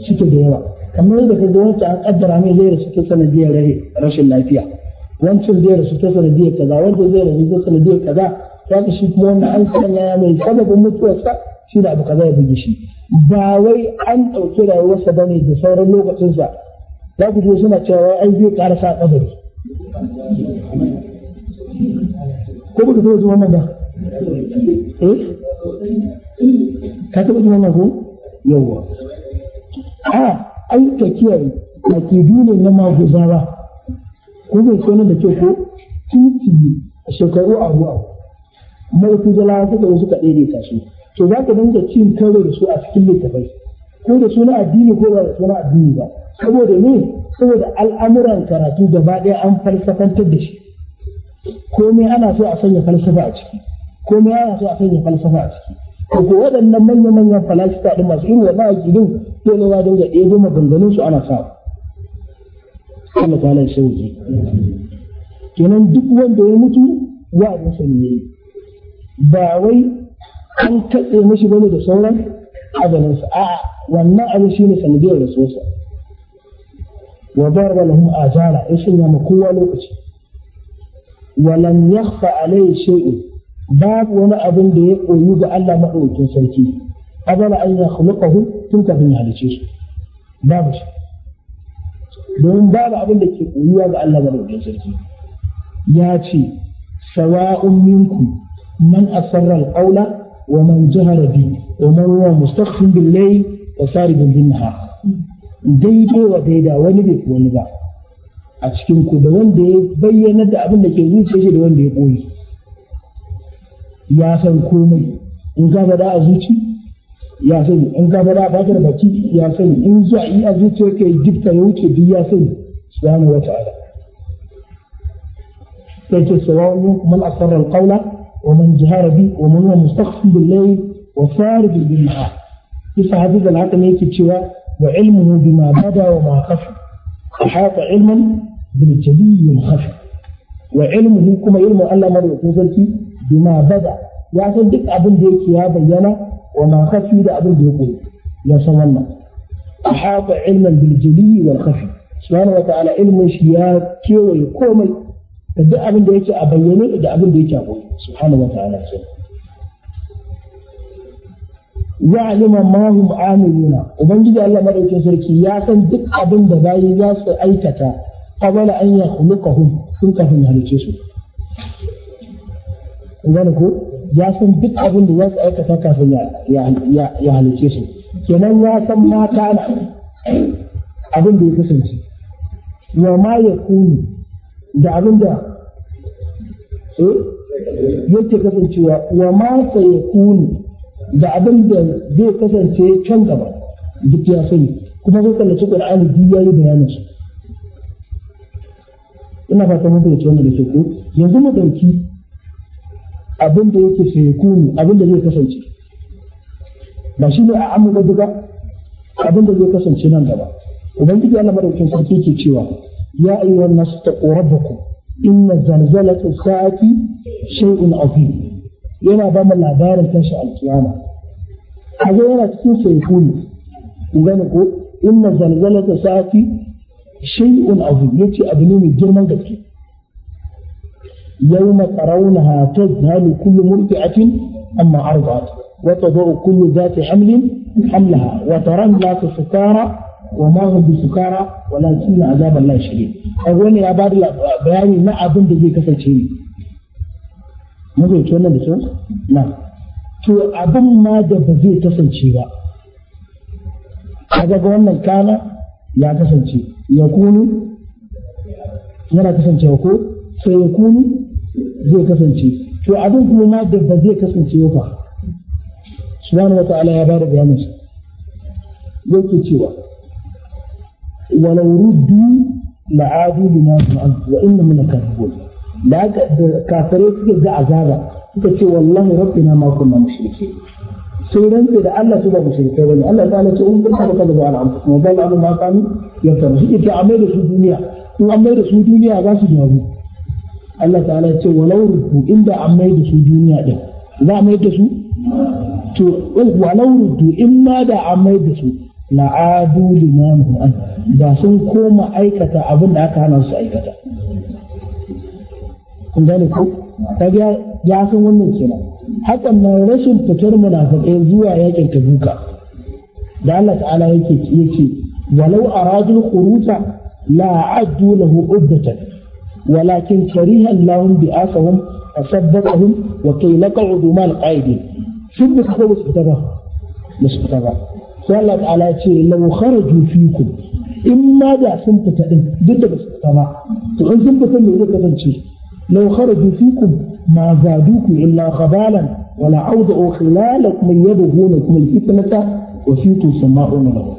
suke da yawa kamar yadda ka ga wancan an kaddara mai zai rasu ta sanadiyar rashin lafiya wancan zai rasu ta sanadiyar kaza wancan zai rasu ta sanadiyar kaza ya ka shi kuma wanda an sanya mai sababin mutuwarsa shi da abu kaza ya buge shi ba wai an ɗauki rayuwarsa ba ne da sauran lokacinsa za ku je suna cewa an zai ƙarasa a ƙabari ko baka taɓa zuwa nan ba eh ka taba zuwa nan ko yawwa a ai ka kiyaye akidu ne na maguzawa ko bai so nan da ke ko a shekaru a ruwa mulkin jalawa suka da suka ta su to za ka dinga cin karo da su a cikin littafai ko da suna addini ko ba da suna addini ba saboda ne saboda al'amuran karatu gaba ɗaya an falsafantar da shi komai ana so a sanya falsafa a ciki komai ana so a sanya falsafa a ciki ko waɗannan manya-manyan falsafa ɗin masu irin wannan aƙidin dole ma dinga ɗebo maganganun su ana sa Allah ta'ala lai sauki kenan duk wanda ya mutu ya sa ne ba wai an katse mishi bane da sauran ajalinsa a'a wannan abu shine sanadiyar rasulsa wa darba lahum ajala ya shanya ma kowa lokaci walam yakhfa alayhi shay'un babu wani abin da ya koyu ga Allah madaukakin sarki abala an yakhluqahu tun kafin ya halice su babu shi don babu abin da ke koyuwa ga Allah madaukakin sarki ya ce sawa'un minkum man asarra al-qawla wa man jahara bi wa man huwa mustakhfin bil wa daidai wa daida wani bai ba a cikin ku da wanda ya bayyana da abin da ke zuciya shi da wanda ya koyi ya san komai in ka bada a zuci ya sani in ka faɗa a bakar baki ya sani in zuwa yi a zuciyar ka gifta ya wuce duk ya sani subhanahu wa ta'ala sai ce sawa'un minkum man asarra alqawla wa man jahara bi wa man huwa mustaqsim bil layl wa sarib bil nahar kisa da al ne yake cewa wa ilmuhu bima bada wa ma khafa ahata ilman bil jaliyil khafi wa ilmuhu kuma ilmin Allah madaukakin sarki bima bada ya duk abinda da yake ya bayyana wa ma da abin da yake ya san wannan ahata ilman bil jali wal khafi subhanahu wa ta'ala ilmin shi ya kewaye komai da duk a da يعلم ما هم عاملون وبنجي الله مدوكين سركي يا سن دك ابن da bayi za su aikata قبل an يخلقهم tun kafin ya halice su gane ko ya san duk أي da في kafin ya halice su ما ya san mata na abin ya kasance wa ma ya da eh, yake kasancewa wa ma sa ya kuni da abin da zai kasance can gaba duk ya sani kuma kallaci duk ya yi bayanin ina fata mun da wannan da ke ko yanzu mu dauki abin da yake sayakunu abin da zai kasance ba shi ne a amma ba duka abin da zai kasance nan gaba ubangiji Allah madaukakin sarki ke cewa ya ayyuhan nas taqu rabbakum inna zalzalatu sa'ati shay'un azim yana ba mu labarin tashi alkiyama a ga yana cikin sayakunu ku gane ko inna zalzalatu sa'ati shay'un azim yace abu ne mai girman gaske yawma tarawunaha tadhalu kullu murti'atin amma arda'at wa tadau kullu dhati hamlin hamlaha wa tara an-nasa sukara wa ma hum bisukara walakin azab Allah shadid a wani ya bada bayani na abin da zai kasance ne mun ga kenan da kyau na to abin ma da ba zai kasance ba kaga ga wannan kana ya kasance yakunu yana kasancewa ko sai yakunu zai kasance to abin kuma ma da ba zai kasance ba subhanahu wa ta'ala ya bada bayanin sa yake cewa walau ruddu la'adu bima tu'adu wa inna min al-kadhibun da kafare suke ga azaba suka ce wallahi rabbina ma kunna mushrikeen sun rantse da Allah su ba mushrikai bane Allah ta ce in kun haka kaza ala al'amta kuma ba Allah ma kanu ya ta shi ita amai da su duniya in amai da su duniya za su jawo Allah ta ya ce walau rubu inda amai da su duniya din za a mai da su to walau rubu in ma da amai da su la'adu limamu an ba sun koma aikata abin da aka hana su aikata kun gane ko kaga ya san wannan kenan hakan na rashin fitar munafiqai zuwa yakin tabuka da Allah ta'ala yake yake walau aradul khuruja la addu lahu uddatan walakin kariha lahum bi'asahum asabbahum wa kay laq'udu mal qaidin sun bi kawo su fita ba musu fita ba sai Allah ta'ala ce law kharaju fikum in ma da sun fita din duk da basu fita ba to in sun fita me zai kasance law kharaju fikum ما زادوك إلا غبالا ولا عوض خلالك من يبغونكم الفتنة وفيكم سماعون له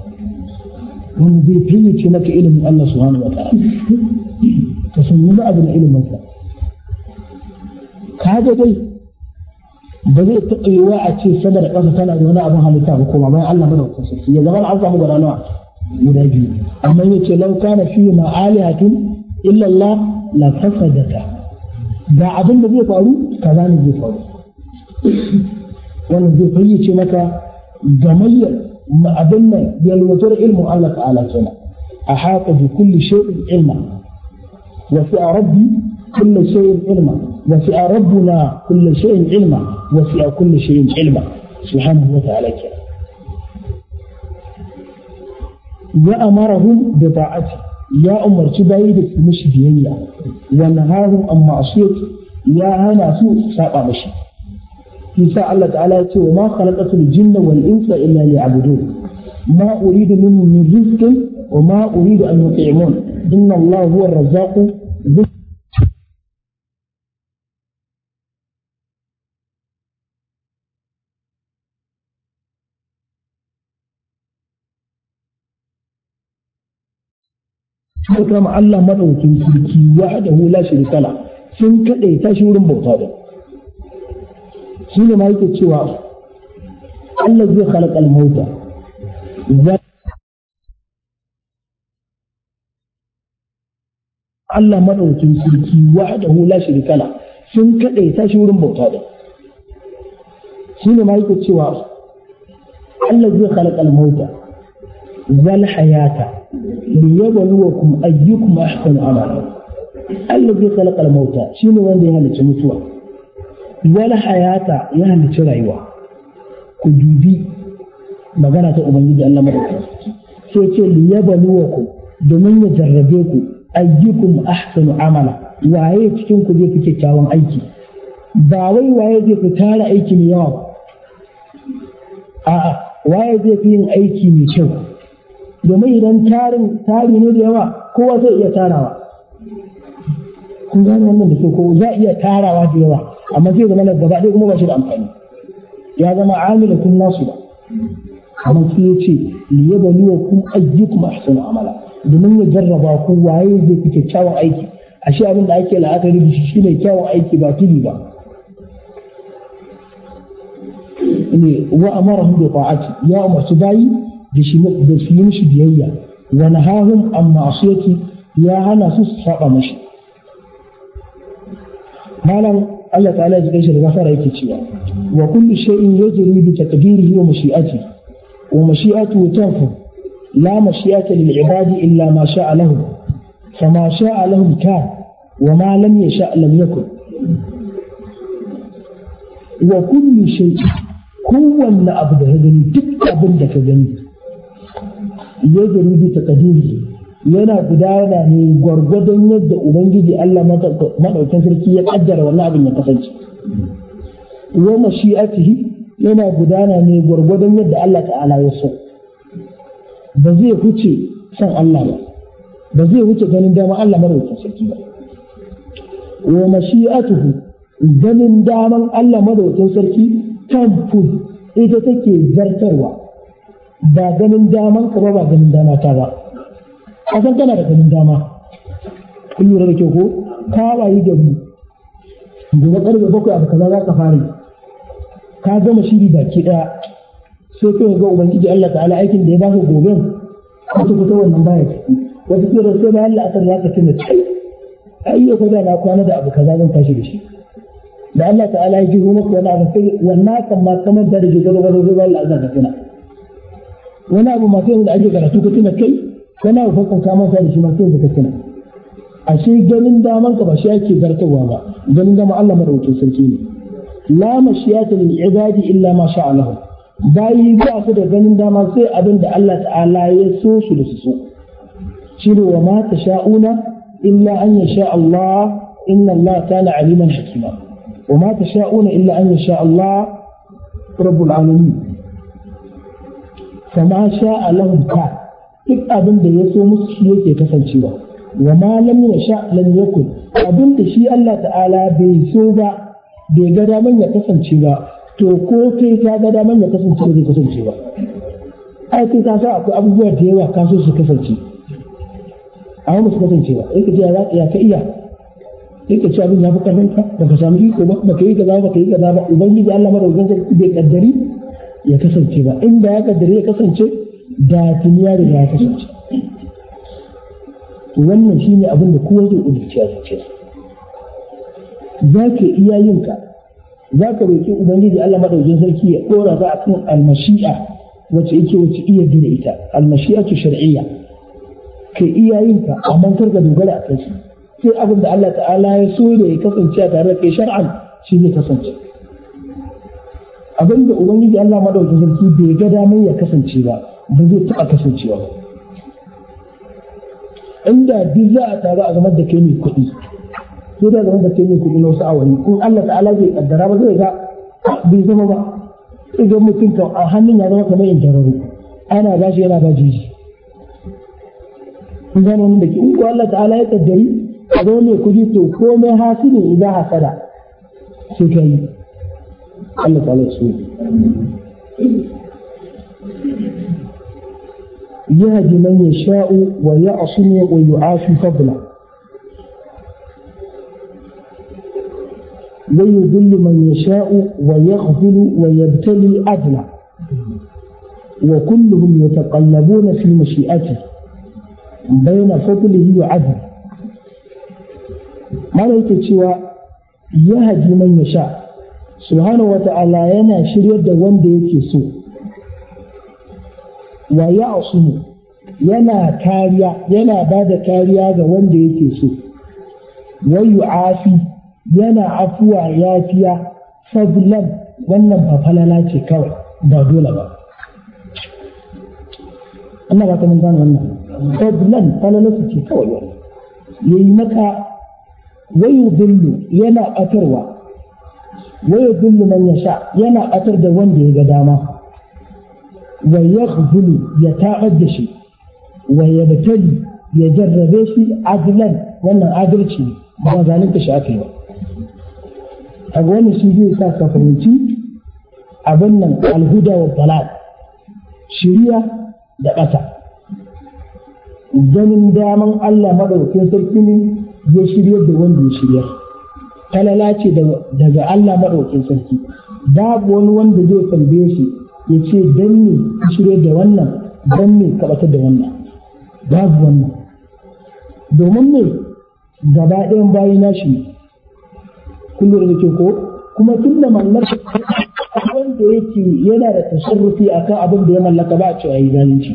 من ذي تيجي لك علم الله سبحانه وتعالى تسمى بعض العلم هذا كاجة دي بذي تقي واعد صدر قصة تانا دونا أبوها نتاب وقوما ما يعلم منه قصص إذا غل عظم ورانوع يراجي أما يتي لو كان فيما آلهة إلا الله لفقدتها da abin da zai faru kaza ne zai faru wannan zai fayyace maka gamayyar abin nan yalwatar ilmin Allah ta'ala kenan a haka bi kulli shay'in ilma wa fi rabbi kulli shay'in ilma wa fi rabbuna kulli shay'in ilma wa fi kulli shay'in ilma subhanahu wa ta'ala kenan wa amarahum bi ta'ati ya umarci bayi da su mishi biyayya wa nahahum an ma'siyat ya hana su saba mishi yasa Allah ta'ala ya ce wa ma khalaqatul jinna wal insa illa liya'budun ma uridu minhum min rizqin wa ma da an yut'imun inna Allah huwa bauta ma Allah madaukakin sarki wahdahu la sharika la sun kadaita shi wurin bauta da shi ne ma yake cewa Allah zai khalaqa al-mauta Allah madaukakin sarki wahdahu la sharika la sun kadaita shi wurin bauta da shi ne ma yake cewa Allah zai khalaqa al zal hayata liyabluwakum ayyukum ahsanu amala allazi khalaqa al-mauta shine wanda ya halicci mutuwa Wala hayata ya halicci rayuwa ku dubi magana ta ubangiji Allah madaka sai ce liyabluwakum domin ya jarrabe ku ayyukum ahsanu amala waye cikin ku zai fi kyakkyawan aiki ba wai waye zai fi tara aiki ne yawa a'a waye zai fi yin aiki mai kyau domin idan tarin tari ne da yawa kowa zai iya tarawa kun gane wannan da ke ko za a iya tarawa da yawa amma sai zama na gaba ɗaya kuma ba shi da amfani ya zama amilatun nasu ba amma sai ya ce ya da liya kun ayyukum ahsanu amala domin ya jarraba ku waye zai fi kyakkyawan aiki ashe abin da ake la'akari da shi shine kyawun aiki ba tudu ba ne wa amara hu bi ta'ati ya umarci bayi da su yi mishi biyayya wa nahahum an ma'asiyati ya hana su su saba mashi malam Allah ta'ala ya jikin shi da gafara yake cewa wa kullu shay'in yajri bi taqdirihi wa mashi'atihi wa mashi'atuhu tanfu la mashi'ata lil ibadi illa ma sha'a lahum فما شاء wa كان وما لم يشاء لم Wa وكل شيء kowanne abu da ka gani duk abin da ka gani yake rubi ta kadiri yana gudana ne gwargwadon yadda ubangiji Allah madaukakin sarki ya kaddara wannan abin ya kasance wa mashi'atihi yana gudana ne gwargwadon yadda Allah ta'ala ya so ba zai huce san Allah ba ba zai huce ganin dama Allah madaukakin sarki ba wa mashi'atuhu ganin daman Allah madaukakin sarki tanfud ita take zartarwa ba ganin daman ka ba ba ganin dama ta ba a san kana da ganin dama kun lura da kyau ko ka wayi gari gobe karfe bakwai abu kaza za ka fara ka gama shiri baki daya sai kai ga ubangiji Allah ta'ala aikin da ya baka gobe ka ta wannan baya ce wata kira sai bayan la'asar za ka tuna kai ai yau kaza na kwana da abu kaza zan tashi da shi da Allah ta'ala ya ji maka wani abu sai wannan kan ma kamar da da jigaro garo zai bayan la'asar ka tuna wani abu masu yanzu da ake karatu ka tuna kai wani abu fakan kama manta da shi masu yanzu ka tuna ashe ganin daman ka ba shi ake zartarwa ba ganin dama Allah madaukakin sarki ne la ta lil ibadi illa ma sha Allah bayi ba su da ganin dama sai abin da Allah ta'ala ya so su da su so shine wa ma sha'una illa an yasha Allah inna Allah kana aliman hakima wa ma sha'una illa an yasha Allah rabbul alamin fa ma sha Allahu ka duk abin da ya so musu shi yake kasancewa wa ma lam yasha lam yakun abin da shi Allah ta'ala bai so ba bai ga daman ya kasance ba to ko kai ka ga daman ya kasance ba zai kasance ba ai kai ka san akwai abubuwa da yawa ka so su kasance a ba su kasance ba sai ka ji ya ka iya yake ci abin ya fi karfin ka baka samu iko ba baka yi kaza baka yi kaza ba ubangiji Allah madaukakin sarki bai kaddari ya kasance ba inda ya kaddare ya kasance da tuni ya riga ya kasance wannan shine abin da kowa zai udurci a zuciyarsa za ka iya yin ka za ka roƙi ubangiji Allah madaukakin sarki ya ɗora ka akan almashi'a wacce yake wacce iya gina ita almashi'a tu shar'iyya ka iya yin ka amma kar ka dogara kai shi sai abin da Allah ta'ala ya so da ya kasance a tare da kai shar'an shi ne kasance abin da ubangiji Allah madaukakin sarki bai ga damar ya kasance ba ba zai taɓa kasancewa ba inda duk za a taru a zama da kai mai kuɗi sai da zama da kai mai kuɗi na wasu awanni in Allah ta'ala bai kaddara ba zai ga bai zama ba sai ga mutum kan a hannun ya zama kamar intararo ana ba shi yana ba ji. in gano da ke in ko Allah ta'ala ya kaddari a zama mai kuɗi to komai ne idan hasada sai ka yi علق عليه سويد يهدي من يشاء ويعصم ويعافي فضله ويذل من يشاء ويغفل ويبتلي عدله وكلهم يتقلبون في مشيئته بين فضله وعدله ما لا يتشوى يهدي من يشاء subhanahu ta'ala yana shiryar da wanda yake so wa ya asumu yana kariya yana ba da kariya ga wanda yake so wa yu'afi yana afuwa yafiya fadlan wannan ba falala ce kawai ba dole ba Allah ba ta mun gano wannan fadlan falala ce kawai wannan yayi maka wayu yudillu yana atarwa wa yadullu man yasha yana batar da wanda ya ga dama wa yakhzulu ya tabar da shi wa yabtali ya jarrabe shi adlan wannan adalci ba zalunta shi ake ba a wannan shi zai sa ka fahimci abin nan alhuda wa talal shiriya da ƙasa ganin daman Allah maɗaukin sarki ne ya shirya da wanda ya shirya falala ce daga Allah maɗaukin sarki babu wani wanda zai tambaye shi ya ce dan me shirya da wannan dan me kabatar da wannan babu wannan domin ne gaba ɗayan bayi na shi kullum da ke ko kuma tun da mallaka wanda yake yana da tasarrufi akan abin da ya mallaka ba a cewa yi zalunci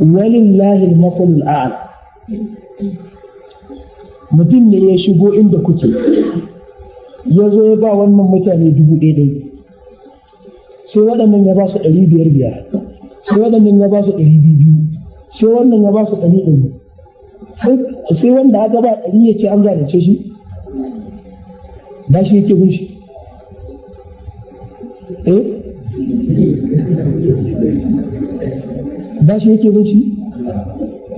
walillahi al-mafalul a'la mutum ne ya shigo inda kuke ya zo ya ba wannan mutane dubu ɗaya ɗaya sai waɗannan ya ba su ɗari biyar biyar sai waɗannan ya ba su ɗari biyu sai wannan ya ba su ɗari ɗari sai wanda aka ba ɗari ya ce an zalunce shi ba shi yake bin shi eh ba shi yake bin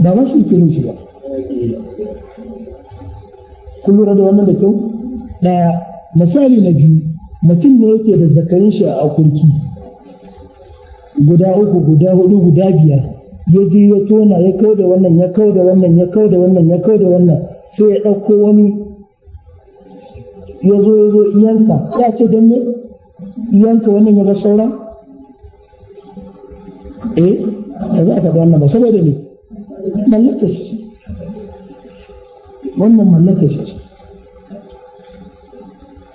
ba ba shi yake bin ba kun lura da wannan da kyau daya misali na biyu mutum ne yake da zakarin shi a kurki guda uku guda hudu guda biyar ya je ya tona ya kau da wannan ya kau da wannan ya kau da wannan ya kau da wannan sai ya ɗauko wani ya zo ya zo iyanka ya ce don ne iyanka wannan ya ga sauran eh ba za ka ga wannan ba saboda ne mallakar shi wannan mallakar shi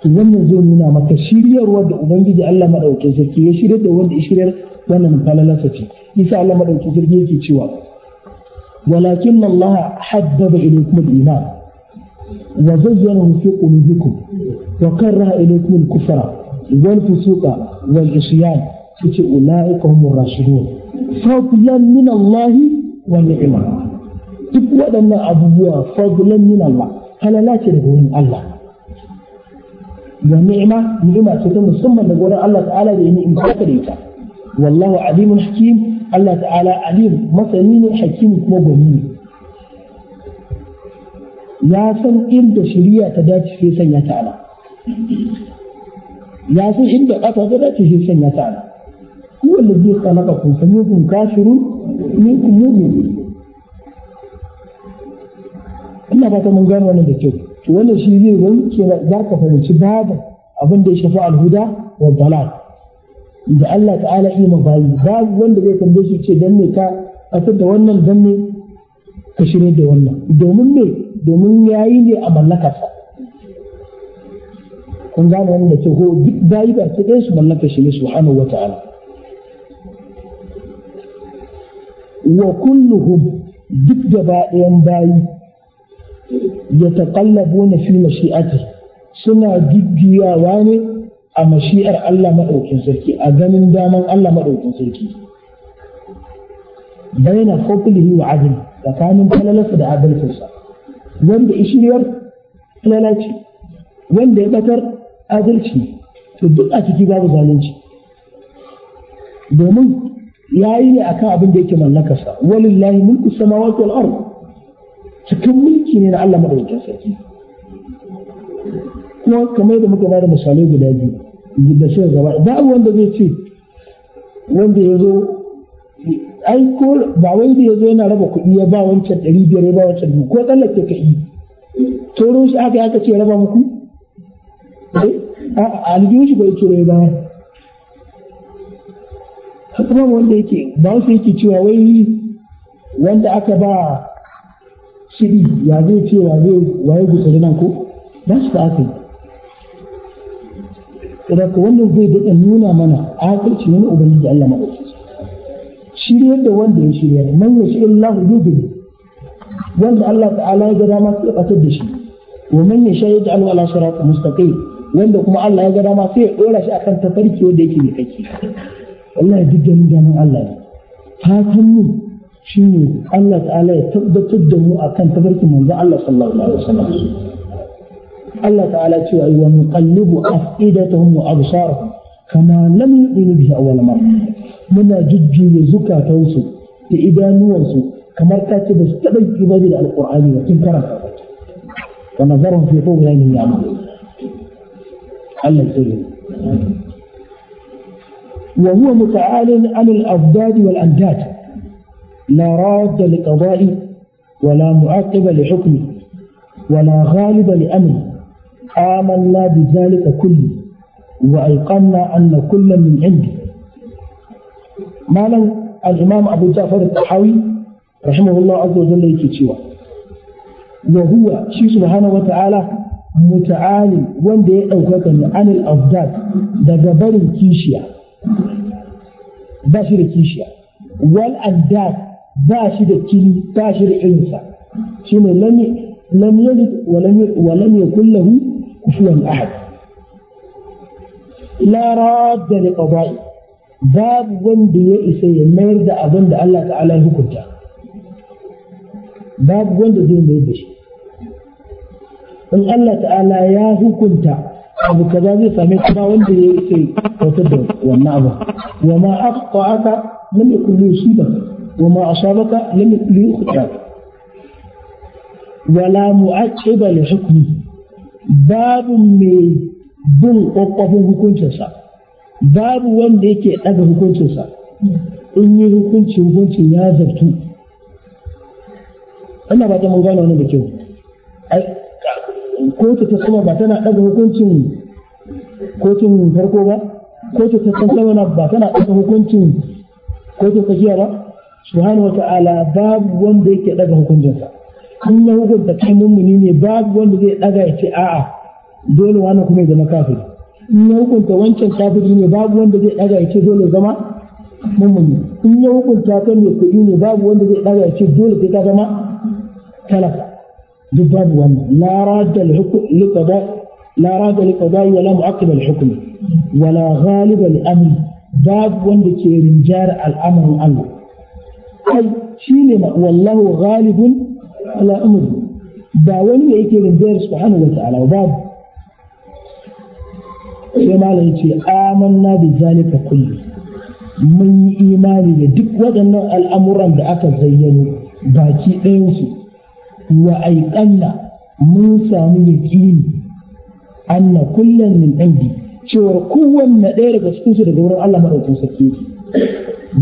to wannan zai nuna maka shiryarwar da ubangiji Allah madaukakin sarki ya shirya da wanda ya shiryar wannan falalarsa ce isa Allah madaukakin sarki yake cewa walakin Allah haddaba ilaykum al-iman wa zayyanahu fi qulubikum wa karaha ilaykum al-kufra wal fusuqa wal isyan tace ulaika humur rashidun fadlan min Allah wa ni'ma duk waɗannan abubuwa fadlan min Allah halala ce daga wurin Allah wa ni'ima ni'ima ce ta musamman daga wurin Allah ta'ala da in ba ka da ita wallahu alimun hakim Allah ta'ala alim masani ne hakim kuma gwani ne ya san inda shari'a ta dace sai sanya ta ala ya san inda ƙasa ta dace sai sanya ta ala huwa allazi khalaqakum fa minkum kafirun minkum mu'min ina fata mun gane wannan da kyau to wannan shi zai zan kenan za ka fahimci babu abin da ya shafi alhuda wa dalal da Allah ta'ala ima bayi babu wanda zai tambaye shi ce dan ne ka fitar da wannan dan ne ka shirye da wannan domin me domin yayi ne a mallakarsa kun gane wannan da kyau ko duk bayi ba ta su mallaka shi ne subhanahu wa ta'ala wa kulluhum duk gaba ɗayan bayi yataqallabuna fi mashi'ati suna jujjuyawa ne a mashi'ar Allah madaukin sarki a ganin daman Allah madaukin sarki baina fadlihi wa adli tsakanin falalarsa da adalcinsa wanda ishiriyar lalaci wanda ya batar adalci to duk a ciki babu zalunci domin ya yi ne akan abin da yake mallakarsa walillahi mulku samawati wal ard cikin hukunci ne na Allah madaukakin sarki kuma kamar da muka bada misalai guda biyu da shi gaba babu wanda zai ce wanda ya zo ai ko ba wai da ya zo yana raba kuɗi ya ba wancan ɗari biyar ya ba wancan dubu ko tsallake ka yi toro shi aka aka ce raba muku eh, a aljihun shi bai toro ya ba kuma wanda yake ba wasu yake cewa wai wanda aka ba shiri ya zai ce wa zai waye gutsuri nan ko ba shi da aka yi saboda wannan zai daɗa nuna mana adalci ne na ubangiji Allah maɗaukaki shiryar da wanda ya shirya man ya shirya Allah yudin wanda Allah ta'ala ya ga dama sai ya batar da shi wa man ya shayar da ala ta mustaqim wanda kuma Allah ya ga dama sai ya ɗora shi a kan tafarki wanda yake mai kake wallahi duk ganin ganin Allah ne fatan mu shine Allah ta'ala ya tabbatar da mu akan tabarkin manzo Allah sallallahu alaihi wasallam Allah ta'ala cewa wa nuqallibu afidatuhum wa absarahum kama lam yu'minu bihi awwal marra muna jujjuya zukatansu da idanuwansu kamar ka ce ba su taɓa yi ba da alƙur'ani ba kin karanta ba wa nazarun fi tughyanihim ya'malun Allah ya tsare وهو متعال عن الأضداد والأنداد لا راد لقضائي ولا معقب لحكمي ولا غالب لأمري آمنا بذلك كله وأيقنا أن كل من عندي ما لو الإمام أبو جعفر الطحاوي رحمه الله عز وجل يكتشوى وهو شيء سبحانه وتعالى متعالي وندي ya عن ne anil abdad daga barin kishiya ba ba shi da kini ba shi da irinsa shine lam lam yali wa lam wa lam yakul lahu kufuwan ahad la radda li qada'i babu wanda ya isa ya mayar da abin da Allah ta'ala ya hukunta babu wanda zai mayar da shi in Allah ta'ala ya hukunta abu kaza zai same ka ba wanda ya isa ya wata da wannan abu wa ma aqta'aka lam shi ba. وما أصابك لم ليخطئك ولا معقب لحكمه باب من بن قبه hukuncinsa babu wanda yake ɗaga hukuncinsa in yi hukunci hukuncin ya zartu ana ba ta mun gane wani da kyau kotu ta sama ba tana ɗaga hukuncin kotun ba kotu ta sama ba tana ɗaga hukuncin kotun tsakiya ba subhanahu wata'ala babu wanda yake daga hukuncinsa in ya hukunta kai mummuni ne babu wanda zai daga ya ce a'a dole wannan kuma ya zama kafiri in ya hukunta wancan kafiri ne babu wanda zai daga ya ce dole zama mummuni in ya hukunta kai mai kuɗi ne babu wanda zai daga ya ce dole sai ka zama talaka duk babu wannan la radda liqada la radda liqada wa la mu'aqqiba al-hukm wa la ghaliba al-amr babu wanda ke rinjar al'amarin Allah ai shine wallahu ghalibun ala amri ba wani ne yake rinjayar subhanahu wa ta'ala babu sai malam yace amanna bi zalika kulli mun yi imani da duk waɗannan al'amuran da aka zayyano baki ɗayansu wa aiƙanna mun samu yaƙini anna kullum min indi cewar kowanne ɗaya daga cikinsu daga wurin Allah maɗaukin sarki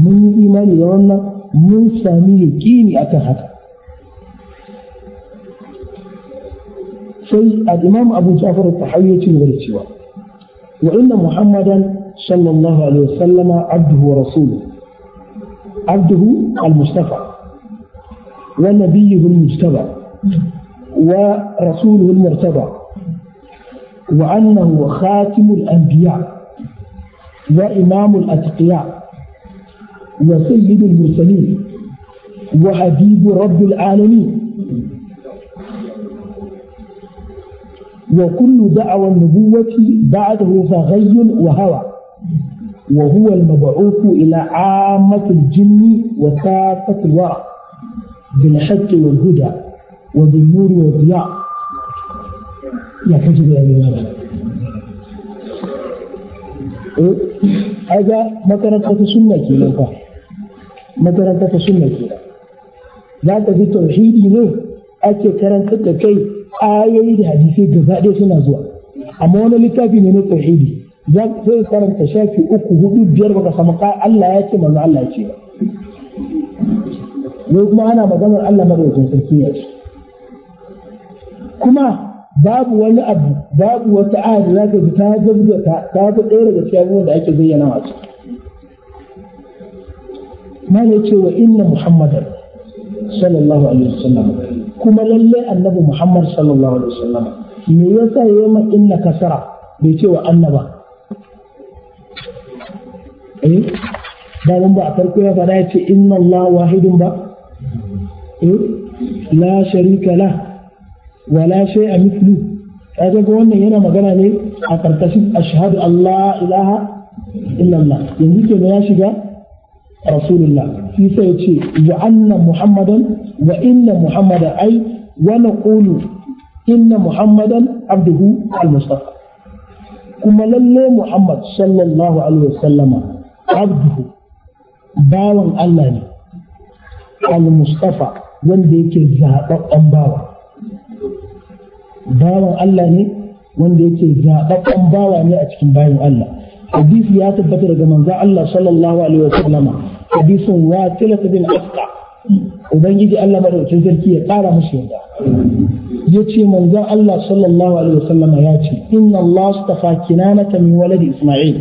mun yi imani da wannan من سامي كيني أكهك سي الإمام أبو جعفر التحية والاتواء وإن محمدا صلى الله عليه وسلم عبده ورسوله عبده المصطفى ونبيه المجتبى ورسوله المرتضى وأنه خاتم الأنبياء وإمام الأتقياء وسيد المرسلين وحبيب رب العالمين وكل دعوى النبوة بعده فغي وهوى وهو المبعوث إلى عامة الجن وكافة الورى بالحق والهدى وبالنور والضياء يا كجب يا جماعة أه؟ هذا مكانة السنة كي makaranta ta sunna kenan za ka bi tauhidi ne ake karanta da kai ayoyi da hadisai gaba ɗaya suna zuwa amma wani littafi ne na tauhidi za ka karanta shafi uku hudu biyar baka samu Allah ya ce manzo Allah ya ce ba ne kuma ana maganar Allah madaukakin sarki ya ce kuma babu wani abu babu wata ayar da za ka ji ta zabda ta ta ɗaya daga cikin abubuwan da ake zayyana wasu mana yake wa inna muhammadan sallallahu alaihi wasallam kuma lalle annabi muhammad sallallahu alaihi wasallam me yasa yayi ma inna kasara bai ce wa annaba eh da mun ba farko ya fara yace inna allah wahidun ba eh la sharika la wa la shay'a mithlu kaga ga wannan yana magana ne a karkashin ashhadu allah ilaha illallah yanzu ke ya shiga rasulullah isa ya ce wa anna muhammadan wa inna muhammadan ai wa naqulu inna muhammadan abduhu al-mustafa kuma lalle muhammad sallallahu alaihi wasallama abduhu bawan Allah ne al-mustafa wanda yake zaɓaɓɓen bawa bawan Allah ne wanda yake zaɓaɓɓen bawa ne a cikin bayan Allah hadisi ya tabbata daga manzo Allah sallallahu alaihi wasallam hadisin wasila bin asqa ubangiji Allah madaukakin sarki ya kara musu yarda yace manzon Allah sallallahu ya ce inna Allah astafa kinanaka min waladi isma'il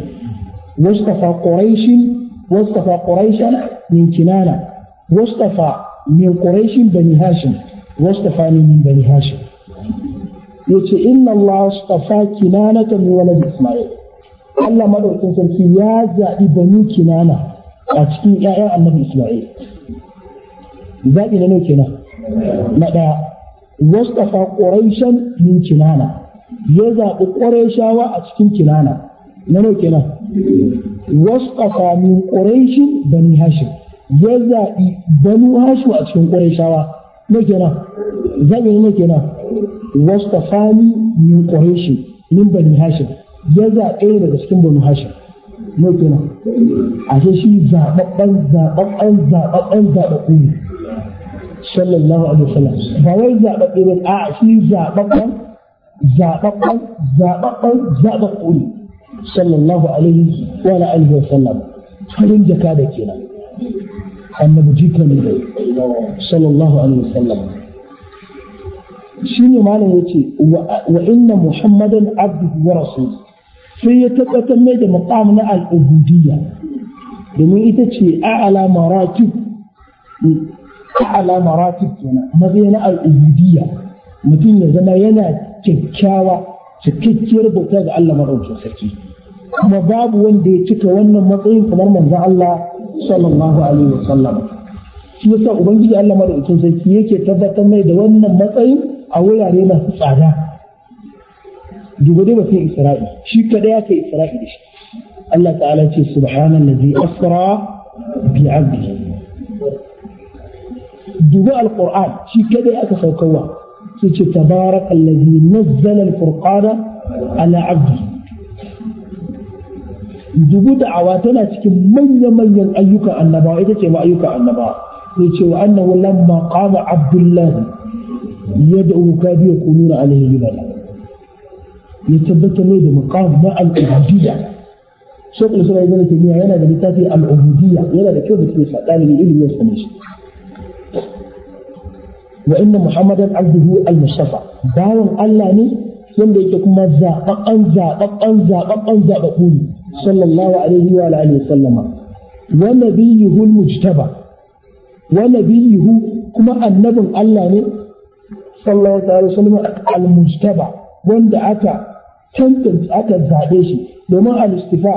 واصطفى قريش واصطفى قريشا من كنانة واصطفى من قريش بني هاشم واصطفى من بني هاشم يقول إن الله اصطفى كنانة من ولد إسماعيل Allah madaukakin sarki ya zaɓi banu kinana a cikin 'ya'yan annabi Isma'il zaɓi na nau kenan na ɗaya wastafa quraishan min kinana ya zaɓi qurayshawa a cikin kinana na nau kenan wastafa min quraishin bani hashim ya zaɓi banu hashim a cikin qurayshawa na kenan zaɓi na kenan wastafa min quraishin min bani hashim ya zaɓe daga cikin banu hashim ne kenan ashe shi zaɓaɓɓen zaɓaɓɓen zaɓaɓɓen zaɓaɓɓe ne sallallahu alaihi wasallam ba wai zaɓaɓɓe ba a shi zaɓaɓɓen zaɓaɓɓen zaɓaɓɓen zaɓaɓɓe ne sallallahu alaihi wa alihi wasallam farin jaka da kenan annabi jika ne sallallahu alaihi wasallam shine malam yace wa inna muhammadan abduhu wa rasuluhu sai ya tabbatar mai da maqam na al'ubudiyya domin ita ce a'ala maratib a'ala maratib kenan matsayi na al'ubudiyya mutum ya zama yana kyakkyawa cikakkiyar bauta ga Allah madaukakin sarki kuma babu wanda ya cika wannan matsayin kamar manzon Allah sallallahu alaihi wasallam shi yasa ubangiji Allah madaukakin sarki yake tabbatar mai da wannan matsayin a wurare masu tsada دوبه دوبه في إسرائيل شو كده في إسرائيل الله تعالى في سبحان الذي أسرى بعبده دعاء القرآن شو كده في تبارك الذي نزل الفرقان على عبده دبو دعواتنا تكي من يمن أيك النبا إذا كي أيك النبا وأنه لما قام عبد الله يدعو كابي يكونون عليه جبلا ya tabbatar mai da maqam na al-ubudiyya shekul islam ibn taymiya yana da littafi al-ubudiyya yana da kyau da ke sa dalibin ilimi ya sani shi wa inna muhammadan abduhu al-mustafa bawan Allah ne wanda yake kuma zababban zababban zababban zababbu ne sallallahu alaihi wa alihi wa sallama wa nabiyuhu al-mujtaba wa nabiyuhu kuma annabin Allah ne sallallahu alaihi wa sallam al-mujtaba wanda aka tantance aka zaɓe shi domin al-istifa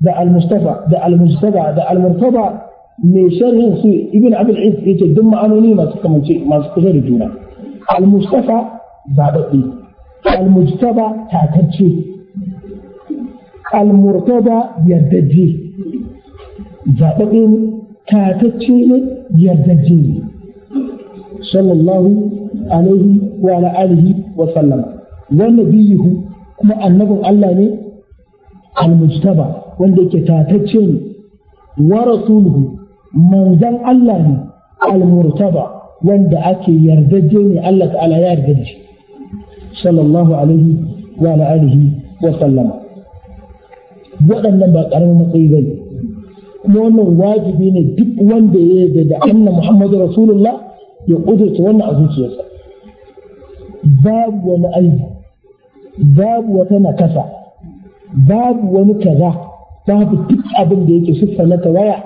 da al-mustafa da al-mustafa da al-murtaba mai sharhin su ibn abul is yace duk ma'anoni masu kamance masu kusa da juna al-mustafa zaɓaɓɓe al-mujtaba tatacce al-murtaba yardajje zaɓaɓɓe ne tatacce ne yardajje ne sallallahu alaihi wa alihi wa sallama wa nabiyuhu kuma annabin Allah ne al-mujtaba wanda yake tatacce ne wa rasuluhu manzan Allah ne almurtaba, murtaba wanda ake yardajje ne Allah ta'ala ya yarda da shi sallallahu alaihi wa waɗannan ba ƙaramin matsayi ba ne kuma wannan wajibi ne duk wanda ya yarda da anna Muhammadu Rasulullah ya ƙudurta wannan a zuciyarsa babu wani aibu babu wata nakasa babu wani kaza babu duk abin da yake siffa na tawaya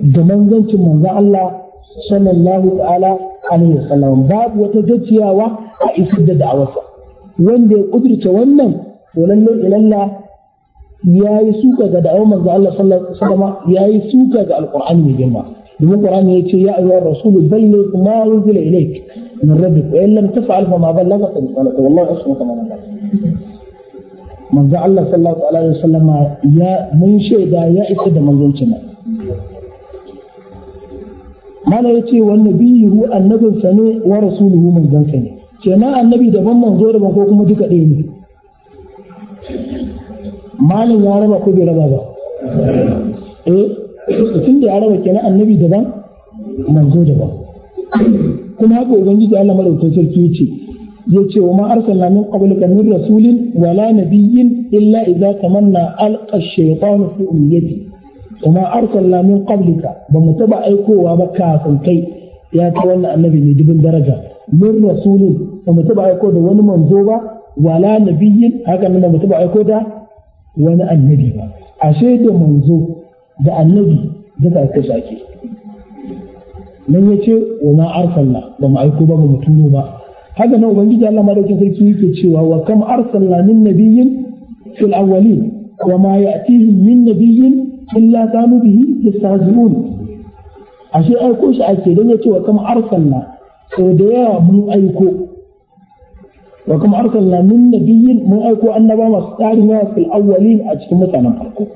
da manzancin manzon Allah sallallahu ta'ala alaihi wasallam babu wata gajiyawa a isar da da'awarsa wanda ya kudurce wannan to lalle ya yi suka ga da'awar manzon Allah sallallahu alaihi wasallam yayi suka ga alqur'ani mai girma domin qur'ani ce ya ayyuhar rasulu balligh ma unzila ilayk من ربك وإن لم تفعل فما بلغت رسالته والله يسمعك من الله من ذا الله صلى الله عليه وسلم يا من شهد يا إسد من ذنبنا ما لا يتي والنبي هو النبي سني ورسوله من ذنبنا كما النبي دبن من غير وقوكم كوكما دكا ديني ما لا يعرف أكبر ربابا إيه tun da ya raba kenan annabi daban kuma haka ubangiji Allah madaukakin sarki ya ce ya ce wa ma arsalna min qablika min rasulin wala nabiyyin illa idza tamanna alqa shaytanu fi umniyati wa ma arsalna min qablika ba mu taba aikowa ba kafin kai ya ta wannan annabi mai dubin daraja min rasulin ba mu taba aiko da wani manzo ba wala nabiyyin haka nan ba mu taba aiko da wani annabi ba ashe da manzo da annabi da ka shake nan ya ce wa ma arsalna ba mu aiko ba ba mu turo ba haka nan ubangiji Allah madaukakin sarki yake cewa wa kam arsalna min nabiyyin fil awwalin wa ma ya'tihim min nabiyyin illa kanu bihi yastahzi'un ashe aiko shi ake dan ya ce wa kam arsalna sau da yawa mun aiko wa kam arsalna min nabiyyin mun aiko annaba masu tsari yawa fil awwalin a cikin mutanen farko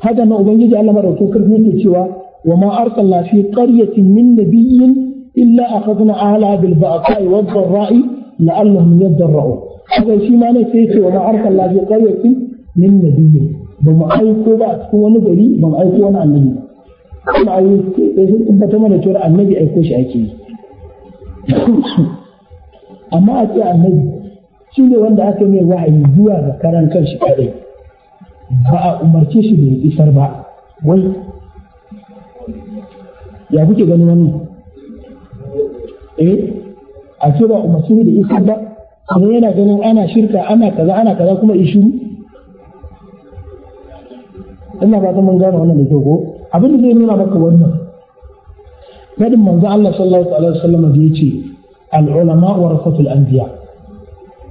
haka nan ubangiji Allah madaukakin sarki yake cewa وما أرسلنا في قرية من نبي إلا أخذنا أهلها بالبأساء والضراء لعلهم يضرعون هذا شيء ما نسيت وما أرسلنا في قرية من نبي بما أيكو بأس هو نبي بما أيكو أنا النبي kuma a yi sun tabbata mana cewa annabi aiko shi ake yi amma a annabi shi ne wanda aka mai wahayi zuwa ga karan kanshi kadai ba a umarce shi da ya isar ba wai ya kuke ganin wani eh a ce ba umarci da isa ba amma yana ganin ana shirka ana kaza ana kaza kuma ishiru ina ba ta mun gane wannan da kyau ko abin da zai nuna maka wannan fadin manzo Allah sallallahu alaihi wasallam da yace al ulama rafatul anbiya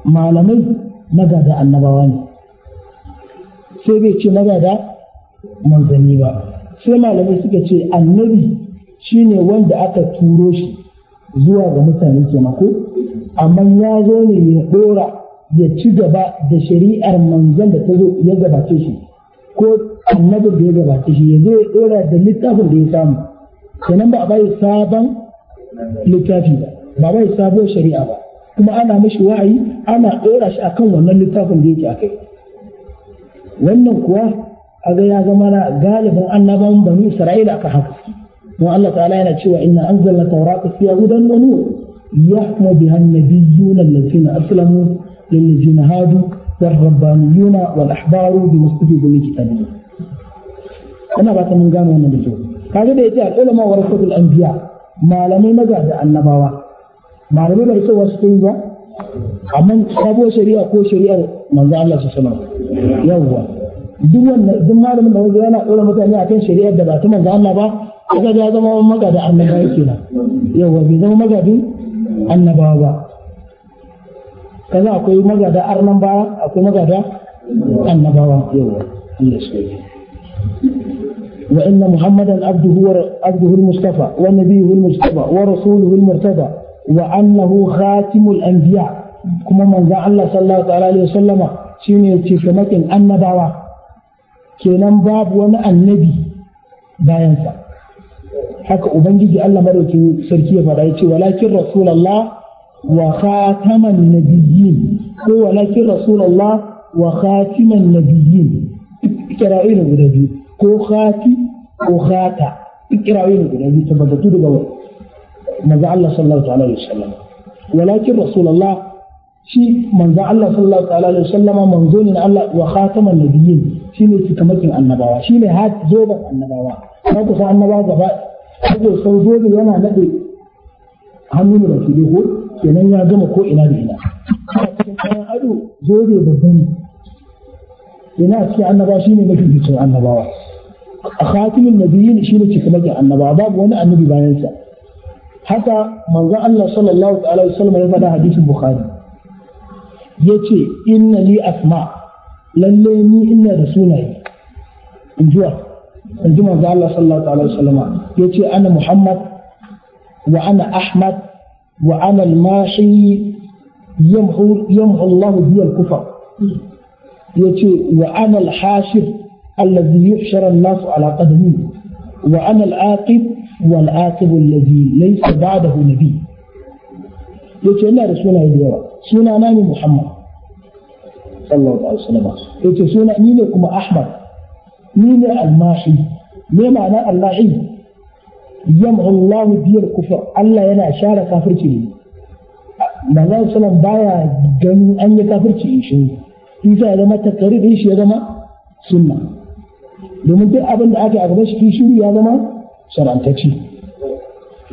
malamai magada annabawa ne sai bai ce magada manzanni ba sai malamai suka ce annabi shine wanda aka turo shi zuwa ga mutane ke ko amma ya zo ne ya dora ya ci gaba da shari'ar manzon da ta zo ya gabace shi ko annabin da ya gabace shi ya zo ya dora da littafin da ya samu kenan ba a bai sabon littafi ba ba bai sabon shari'a ba kuma ana mashi wa'ayi ana dora shi akan wannan littafin da yake kai. wannan kuwa ga ya zama na galibin annabawan bani isra'ila aka haka مؤلف علينا شو إن أنزل التوراة فيها هدى ونور يحكم بها النبيون الذين أسلموا للذين هادوا والربانيون والأحبار بمستجيب الاجتماعي أنا بات من قام من بيتو هذا بيتي ما ورثة الأنبياء ما لم يمجد نبواه. ما لم يمجد وسطيبة أمن أبو شريعة أبو شريعة من ذا الله سبحانه يوه دوما دوما لما نقول أنا أقول مثلا يا كين شريعة دبعت من ذا الله kaga ya zama magada annabawa kenan yawa bai zama magadin annabawa ba kaza akwai magada arnan baya akwai magada annabawa yawa Allah shi وإن محمدا عبده عبده المصطفى ونبيه المصطفى ورسوله المرتضى وأنه خاتم الأنبياء كما من ذا الله صلى الله عليه وسلم شيني تشمكن النبوة كنن باب وانا النبي باينسا haka ubangiji Allah madauki sarki ya faɗa yace walakin rasulullah wa khataman nabiyyin ko walakin rasulullah wa khatiman nabiyyin ikra'i ne guda biyu ko khati ko khata ikra'i ne guda biyu tabbatattu daga manzo Allah sallallahu alaihi wasallam walakin rasulullah shi manzo Allah sallallahu alaihi wasallam manzo ne Allah wa khataman nabiyyin shine cikamakin annabawa shine hat zoban annabawa ba ku san annabawa gaba saboda san zobe yana nade hannu da shi ko kenan ya gama ko ina da ina cikin kayan ado zobe babban ne ina cikin annaba shine mafi cikin annabawa a khatimin nabiyyin shine cikin mafi annabawa babu wani annabi bayan sa haka manzon Allah sallallahu alaihi wasallam ya faɗa hadisin bukhari yace inna li asma lalle ni ina da sunaye in zuwa. in ji manzo Allah sallallahu alaihi wasallam yace ana Muhammad wa ana Ahmad wa ana al-mashi yamhu yamhu Allah bi al-kufar yace wa ana al-hashir alladhi yuhshara an-nas ala qadamihi wa ana al-aqib wal aqib alladhi laysa ba'dahu nabiy yace ina da suna da yawa sunana ne Muhammad sallallahu alaihi wasallam yace suna ni ne kuma Ahmad ni ne almahi me ma'ana allahi yam'u Allahu biyar kufur Allah yana share kafirci ne manzon sallam baya ganin an yi kafirci shi isa ya zama takarir shi ya zama sunna domin duk abin da aka a gaban shi shiru ya zama sharantacci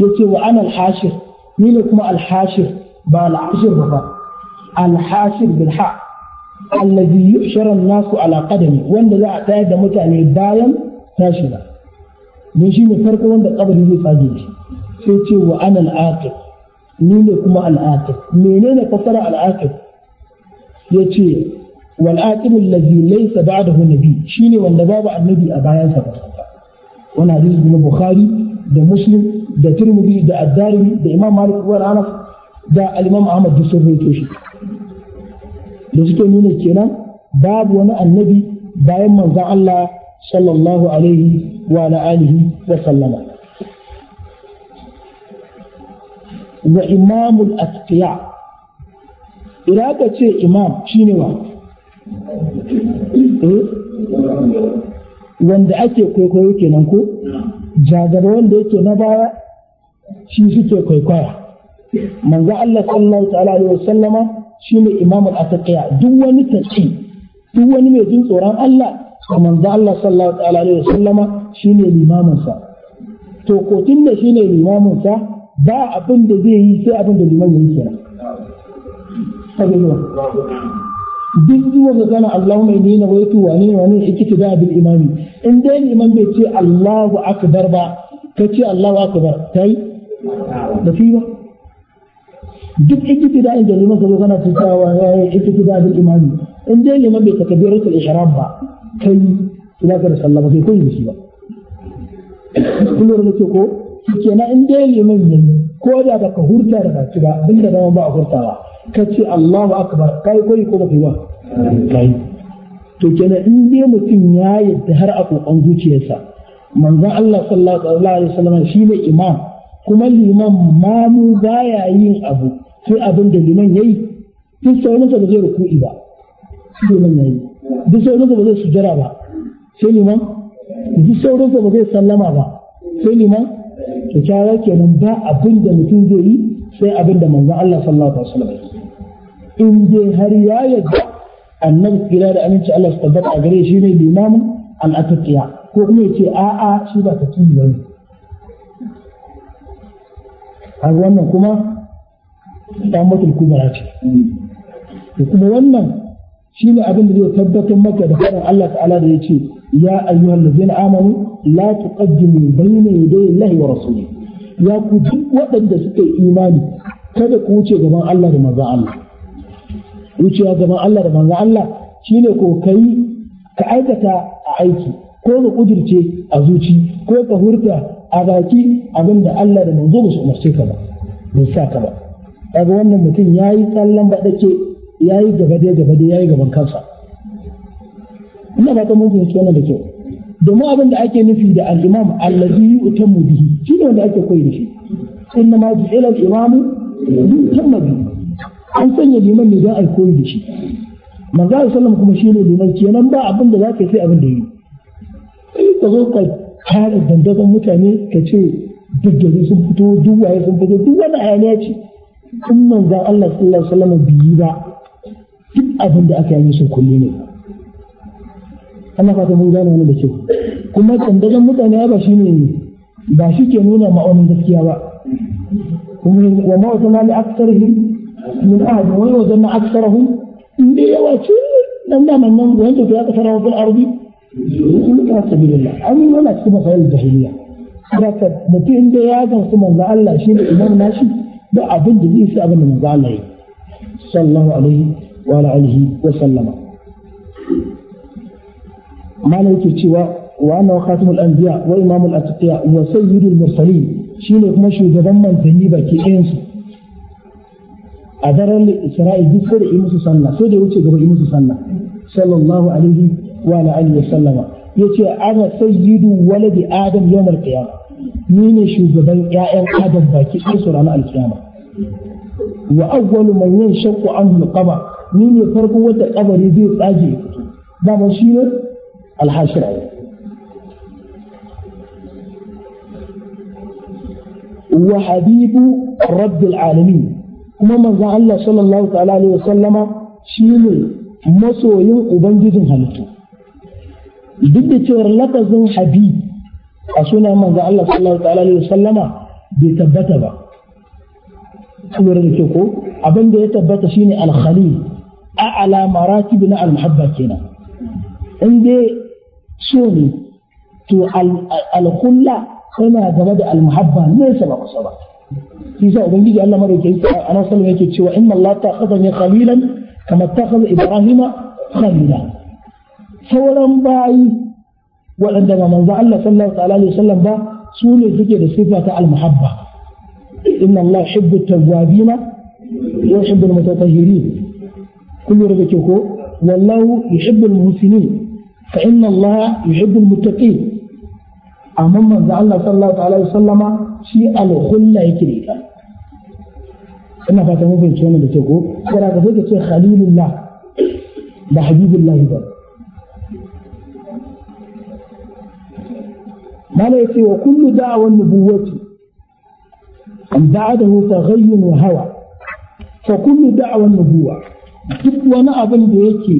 yace wa an al-hashir ni ne kuma al ba al-hashir ba al-hashir bil ha alladhi yushara nasu ala qadami wanda za a tayar da mutane bayan tashi na don shi ne farko wanda kabari zai tsage shi sai ce wa ana al'aqib ni ne kuma al'aqib menene fasara al'aqib yace wal aqib alladhi laysa ba'dahu nabi shine wanda babu annabi a bayansa ba wani hadisi na bukhari da muslim da tirmidhi da ad-darimi da imam malik wa anas da al-imam ahmad da sun rawaito shi da suke nuna kenan babu wani annabi bayan manzon Allah sallallahu alaihi wa ala wa sallama wa imamul atqiya idan aka ce imam shi ne wa eh? wanda ake kwaikwayo kenan ko jagaba wanda yake na baya shi suke kwaikwaya manzo Allah sallallahu ta'ala alaihi wasallama shine imamul ataqiya duk wani taqi duk wani mai jin tsoron Allah to manzo Allah sallallahu alaihi wasallama shine limamin sa to ko tunda shine limamin sa ba abin da zai yi sai abin da liman yake kira duk zuwa ga gana Allahumma ne nawaitu wa ni wa ni ikitida bil imami in dai liman bai ce Allahu akbar ba kace Allahu akbar kai da fi ba duk iktida'in da liman ka zo kana tutawa ya yi iktida bil in dai liman bai takbiratul ihram ba kai ila ka da sallama kai koyi shi ba kullum da ke ko na in dai liman yayi ko da baka hurta da baki ba inda da ba a hurtawa ka ce Allahu akbar kai koyi ko baka yi ba kai to kenan in dai mutum ya yadda har a kokon zuciyarsa manzon Allah sallallahu alaihi wasallam shine imam kuma liman mamu baya yin abu sai abin da liman yayi duk sauransa ba zai ruku'i ba liman yayi duk sauransa ba zai sujjara ba sai liman duk sauransa ba zai sallama ba sai liman kyakkyawa kenan ba abin da mutum zai yi sai abin da manzon Allah sallallahu alaihi wasallam in dai har ya yadda annabi kira da aminci Allah su tabbata a gare shi ne limamin al'ataqiya ko kuma yace a'a shi ba taqiyi bane har wannan kuma dammatul kubra ce kuma wannan shine abin da zai tabbatar maka da faɗin Allah ta'ala da ce ya ayyuhal ladzina amanu la tuqaddimu bayna yaday Allahi wa rasulihi ya ku duk waɗanda suka yi imani kada ku wuce gaban Allah da manzon Allah wucewa gaban Allah da manzon Allah shine ko kai ka aikata a aiki ko ka ƙudirce a zuci ko ka hurta a baki abin da Allah da manzo ba su umarce ka ba ba sa ka ba kaga wannan mutum ya yi ba baɗake ya yi gabade gabade ya yi gaban kansa ina ba ta mun fahimci wannan da kyau domin abin da ake nufi da al-imam allazi biyu, bihi shine wanda ake koyi da shi inna ma ju'ila al-imam yu'tamu bihi an sanya liman ne don a koyi da shi manzo sallam kuma shine liman kenan ba abin da zaka sai abin da yi sai ka zo ka kare dandazon mutane ka ce daddare sun fito duk waye sun fito duk wani ayaniya ce in manzan Allah sallallahu alaihi wasallam biyi ba duk abin da aka yi sun kulle ne ana fata mun gane wani da kyau kuma tsandajen mutane ba shi ne ba shi ke nuna ma'aunin gaskiya ba kuma wa ma'aunin mali aksarihim min ahad wani wajen na aksar aksarahum in dai yawa ce dan daman nan wanda ya kasara wa fil ardi in ka sabilillah amin wala cikin masayar jahiliya saboda mutum da ya gamsu manzo Allah shi ne imam nashi ba abin da zai sa abin da manzo Allah yi sallallahu alaihi wa alihi wa sallama mana yake cewa wa anna khatimul anbiya wa imamul atqiya wa sayyidul mursalin shine kuma shugaban manzanni baki ɗayan su a daren isra'il duk sai da yi musu sallah sai da wuce gaba yi musu sallah sallallahu alaihi wa alihi wa sallama yace ana sayyidu waladi adam yawmal qiyamah ni ne shugaban 'ya'yan adam baki ɗaya su ranar alkiyama wa awwalu man shakku an alqaba ni ne farko wata ƙabari zai tsage dama shi ne alhashira wa habibu rabbil alamin kuma manzon Allah sallallahu ta'ala alaihi wa sallama shi ne masoyin ubangijin halittu duk da cewar lafazin habib a sunan manzo Allah sallallahu ta'ala alaihi wasallama bai tabbata ba kullu da ke ko abin da ya tabbata shine al a a'la maratib na al-muhabba kenan in dai so ne to al-khulla tana gaba da al-muhabba ne ba kusa ba shi sa ubangiji Allah madaukakin sa ana sallama yake cewa inna Allah ta khadani khalilan kama takhadha ibrahim khalila sauran bayi waɗanda ba manzo Allah sallallahu alaihi wasallam ba su ne suke da sifa ta almuhabba inna Allah yuhibbu tawwabina wa yuhibbu almutatahhirin kullu da ke ko wallahu yuhibbu almuhsinin fa inna Allah yuhibbu almuttaqin amma manzo Allah sallallahu alaihi wasallama shi alkhulla yake da ita ina fata mun fahimci wannan da ke ko sai ka ce khalilullah da habibullah ba mala yace wa kullu da'awan nubuwati an ba'adahu taghayyun wa hawa fa kullu da'awan nubuwa duk wani abin da yake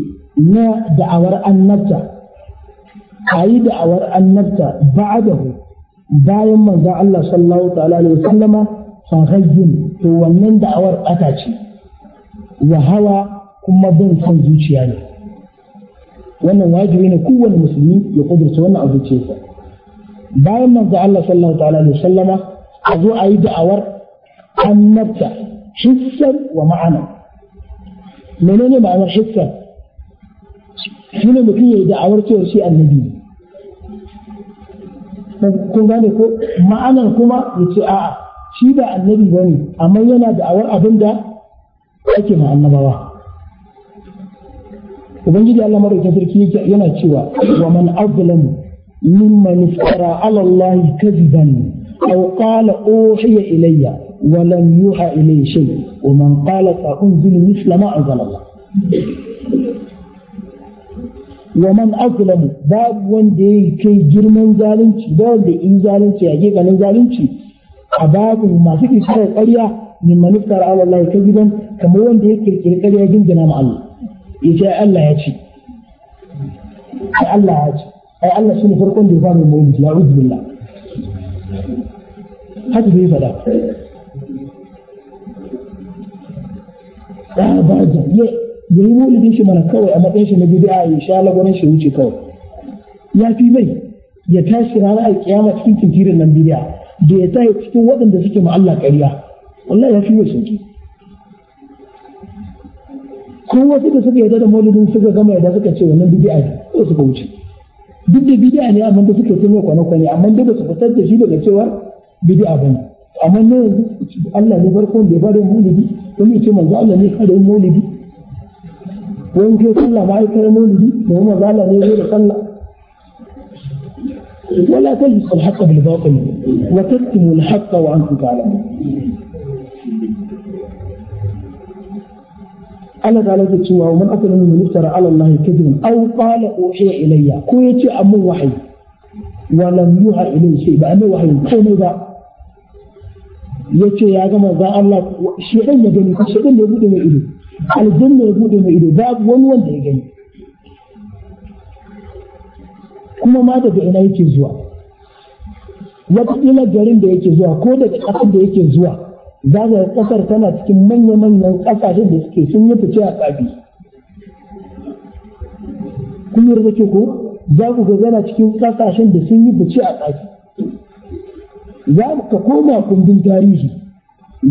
na da'awar annabta a yi da'awar annabta ba'adahu bayan manzon Allah sallallahu ta'ala alaihi fa taghayyun to wannan da'awar ata ce wa hawa kuma bin son zuciya ne wannan wajibi ne kowane musulmi ya kudurta wannan a zuciyarsa bayan manzo Allah sallallahu ta'ala alaihi wasallama a zo a yi da'awar annabta hissan wa ma'ana menene ma'anar hissan shi ne mutum ya yi da'awar cewa shi annabi kun gane ko ma'anar kuma ya ce a'a shi ba annabi ba ne amma yana da'awar abin da ake ma annabawa ubangiji Allah madaukakin sarki yana cewa wa man azlamu ممن افترى على الله كذبا أو قال أوحي إلي ولم يوحى إلي شيء ومن قال سأنزل مثل ما أنزل الله ومن أظلم باب وندي كي جرمان ظالمتي باب دي ظالمتي أجيب أنا ظالمتي أباب ما فيك شيء قرية ممن افترى على الله كذبا كما وندي كي كي قرية جنجنا مع الله يجي الله يجي الله يجي ai Allah shi ne farkon da ya fara maulidi ya uzu billah haka zai fada ya ba da ya yi din shi mana kawai a matsayin shi na bid'a ya sha lagwaran shi wuce kawai ya fi mai ya tashi rana a kiyama cikin tinkirin nan bid'a da ya tashi cikin waɗanda suke ma Allah ƙarya wallahi ya fi mai sauki ko wasu da suka yarda da maulidin suka gama yarda suka ce wannan bid'a ne ko suka wuce duk da bid'a ne amma da suke tuno kwana kwana amma da su fitar da shi daga cewa bid'a bane amma ne Allah ne farko da ya fara maulidi kuma yace manzo Allah ne fara maulidi wani ke sallah ba ai fara maulidi da manzo Allah ne zai da sallah ولا تلبسوا الحق بالباطل وتكتموا الحق وانتم تعلمون Allah ta lake cewa man aka nuna min iftara ala Allah kadhibun aw qala uhiya ilayya ko yace amma wahayi wa lam yuha ilayhi shay ba amma wahayi komai ba yace ya ga manzon Allah shedan ya gani shedan ne ya bude mai ido aljanna ya bude mai ido babu wani wanda ya gani kuma ma daga ina yake zuwa wataƙila garin da yake zuwa ko daga ƙasar da yake zuwa za ga kasar tana cikin manya-manyan kasashe da suke sun yi fice a tsabi kun yarda ke ko za ku ga yana cikin kasashen da sun yi fice a tsabi za ka koma kundin tarihi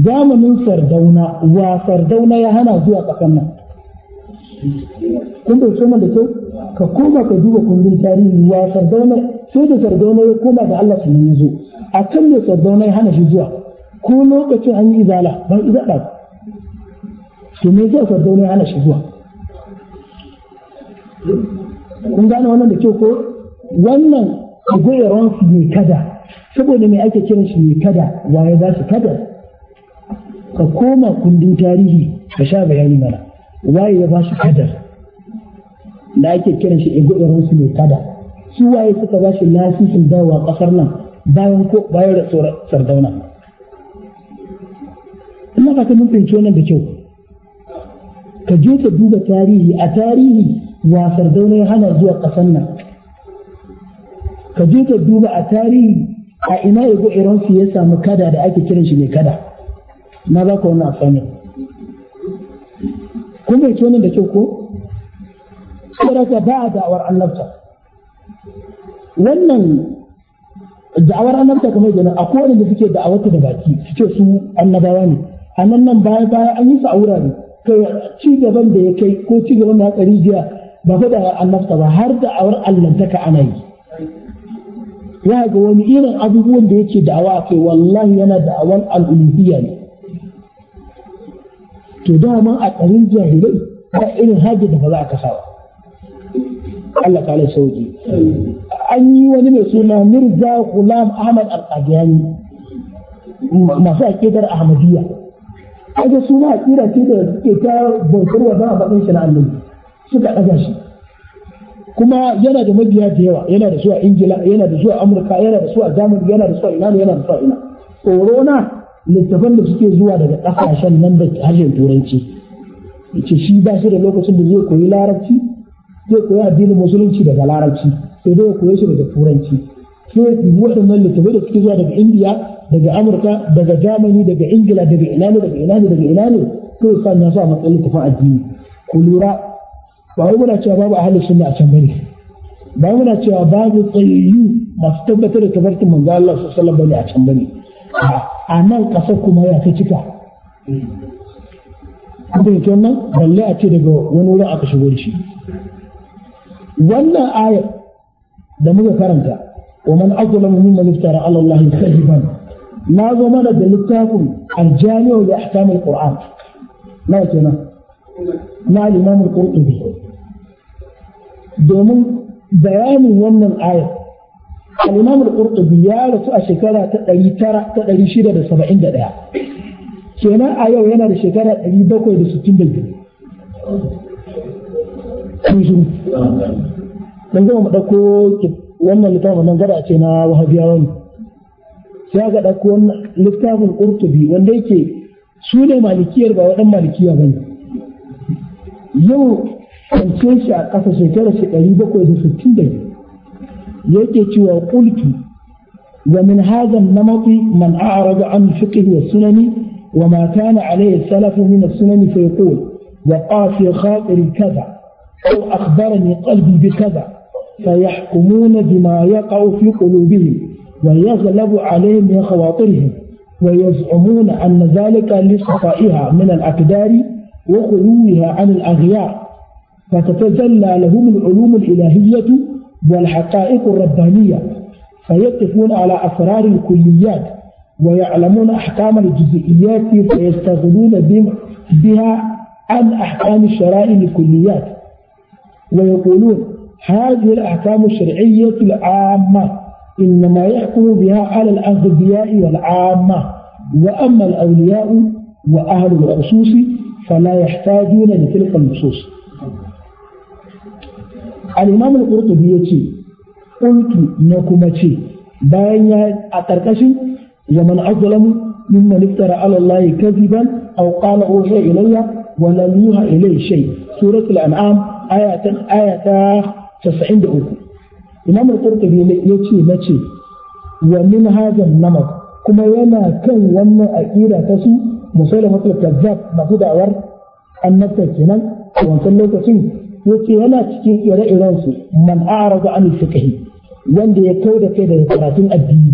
zamanin sardauna wa sardauna ya hana zuwa kasan nan kun bai soma da kyau ka koma ka duba kundin tarihi wa sardauna sai da sardauna ya koma da Allah sannan ya zo a kan ne sardauna ya hana shi zuwa ko lokacin an yi izala ba su ba su ne zai fardo ne ana shi zuwa kun gane wannan da ke ko wannan goyaron su ne kada saboda me ake kiran shi ne kada waye ba su kada ka koma kundin tarihi ka sha bayani mana waye ya ba shi kadar da ake kiran shi goyaron su ne kada su waye suka ba shi lasisin dawowa kasar nan bayan ko bayan da sardauna Allah ba ta mun fahimci wannan da kyau ka je ka duba tarihi a tarihi wasar sardauna ya hana zuwa ƙasan nan ka je ka duba a tarihi a ina ya yago iransu ya samu kada da ake kiran shi mai kada na ba ka wani assignment kun bai wannan da kyau ko saboda ba a da'awar annabta wannan da'awar annabta kamar yana akwai wanda suke da'awarta da baki su ce su annabawa ne a nan nan baya baya an yi su a wurare kai ci gaban da ya kai ko ci gaban da aka rijiya ba fa da annabta ba har da awar allantaka ana yi ya ga wani irin abubuwan da yake da'awa a kai wallahi yana da'awar al'ulubiyya ne to dama a tsarin jahilai ba irin hajji da ba za a kasa ba Allah ta ala sauki an yi wani mai suna Mirza Ghulam Ahmad Al-Qadiani masu aƙidar Ahmadiyya kaga suna a tsira ce da suke ta bautar wa za a faɗin shi na annabi suka ɗaga shi kuma yana da mabiya da yawa yana da su a ingila yana da su a amurka yana da su a yana da su a ina yana da su a ina corona littafan da suke zuwa daga ƙasashen nan da harshen turanci ce shi ba shi da lokacin da zai koyi larabci zai koyi addinin musulunci daga larabci sai dai ya koyi shi daga turanci sai su waɗannan littattafai da suke zuwa daga indiya daga amurka daga germany daga ingila daga ina daga ina daga ina ne to san ya a matsayin littattafan addini ku lura ba wai muna cewa babu ahlus sunna a can bane ba wai muna cewa babu tsayayyu masu tabbatar da tabartin manzo Allah sallallahu alaihi wasallam bane a can bane a nan kasar kuma ya ta cika abin kenan balle a ce daga wani wurin aka shigo shi wannan ayar da muka karanta ومن أظلم ممن افترى على الله كذبا لا ضمن دلتاكم الجامع لأحكام القرآن لا يتنا مع الإمام القرطبي domin bayanin wannan ayar al-imam al ya rasu a shekara ta 971 kenan a yau yana da shekara 762 kun shi dan zama mu dauko wannan littafin nan gada ce na wahabiyawa ne sai aka ɗauko wannan littafin ƙurtubi wanda yake su ne malikiyar ba waɗan malikiya ba ne yau kwance shi a ƙasa shekarar shi ɗari bakwai da sittin da yake cewa ƙulki wa min hazan na mafi man a'arada an fiqh wa sunani wa ma kana alayhi salafu min as-sunani fa yaqul wa qafi khatiri kaza أو أخبرني قلبي بكذا فيحكمون بما يقع في قلوبهم ويغلب عليهم من خواطرهم ويزعمون أن ذلك لخطئها من الأقدار وخلوها عن الأغيار فتتجلى لهم العلوم الإلهية والحقائق الربانية فيقفون على أسرار الكليات ويعلمون أحكام الجزئيات فيستغلون بها عن أحكام الشرائع الكليات ويقولون هذه الأحكام الشرعية العامة إنما يحكم بها على الأغبياء والعامة وأما الأولياء وأهل الخصوص فلا يحتاجون لتلك النصوص الإمام القرطبي يتي قلت نكما تي باين أتركشي ومن أظلم ممن افترى على الله كذبا أو قال أوحي إلي ولم يوحى إليه شيء سورة الأنعام آية آية casa'in da uku ya ce na ce wa min hazan namak kuma yana kan wannan aƙida ta su musulmatul kazzab masu da'awar annabta kenan a wancan lokacin yace yana cikin ire-iren su man a'rada an fiqhi wanda ya kau kai daga karatun addini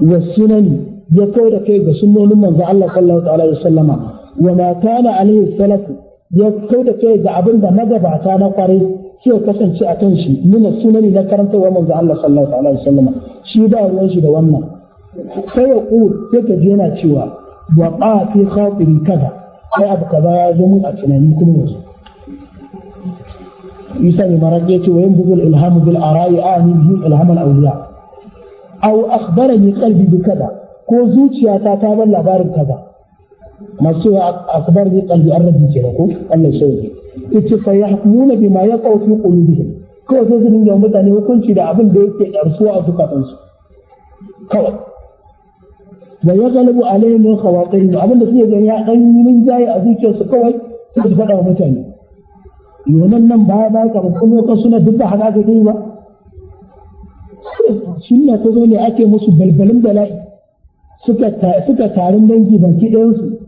wa sunani ya kau kai ga sunnonin manzo Allah sallallahu alaihi wasallama ya kai ga abin da magabata na kwarai suka kasance a kan shi nuna sunani na karantarwa manzo Allah sallallahu alaihi wasallam shi ba ruwan shi da wannan sai ya ku sai ka ji yana cewa wa qa fi khatiri kaza sai abu kaza ya zo mun a tunani kuma yanzu يسمى مرض يتي وينبغ الإلهام بالآراء أعني به إلهام الأولياء أو أخبرني قلبي بكذا كو زوجي أتاتابا لبارك كذا ما سوى أخبرني قلبي أرد يجيكو الله yace fa bi ma ya fi qulubihim kawai sai su dinga mutane hukunci da abin da yake yarsuwa a zukatansu kawai da ya galabu alayhi min khawatirihim abin da suke gani ya dan min jayi a zuciyarsu kawai sai su faɗa wa mutane yonan nan baya baya kamar kuma kan suna duk da haka kai ba sunna ta zo ne ake musu balbalin bala'i suka suka tarin dangi baki ɗayan su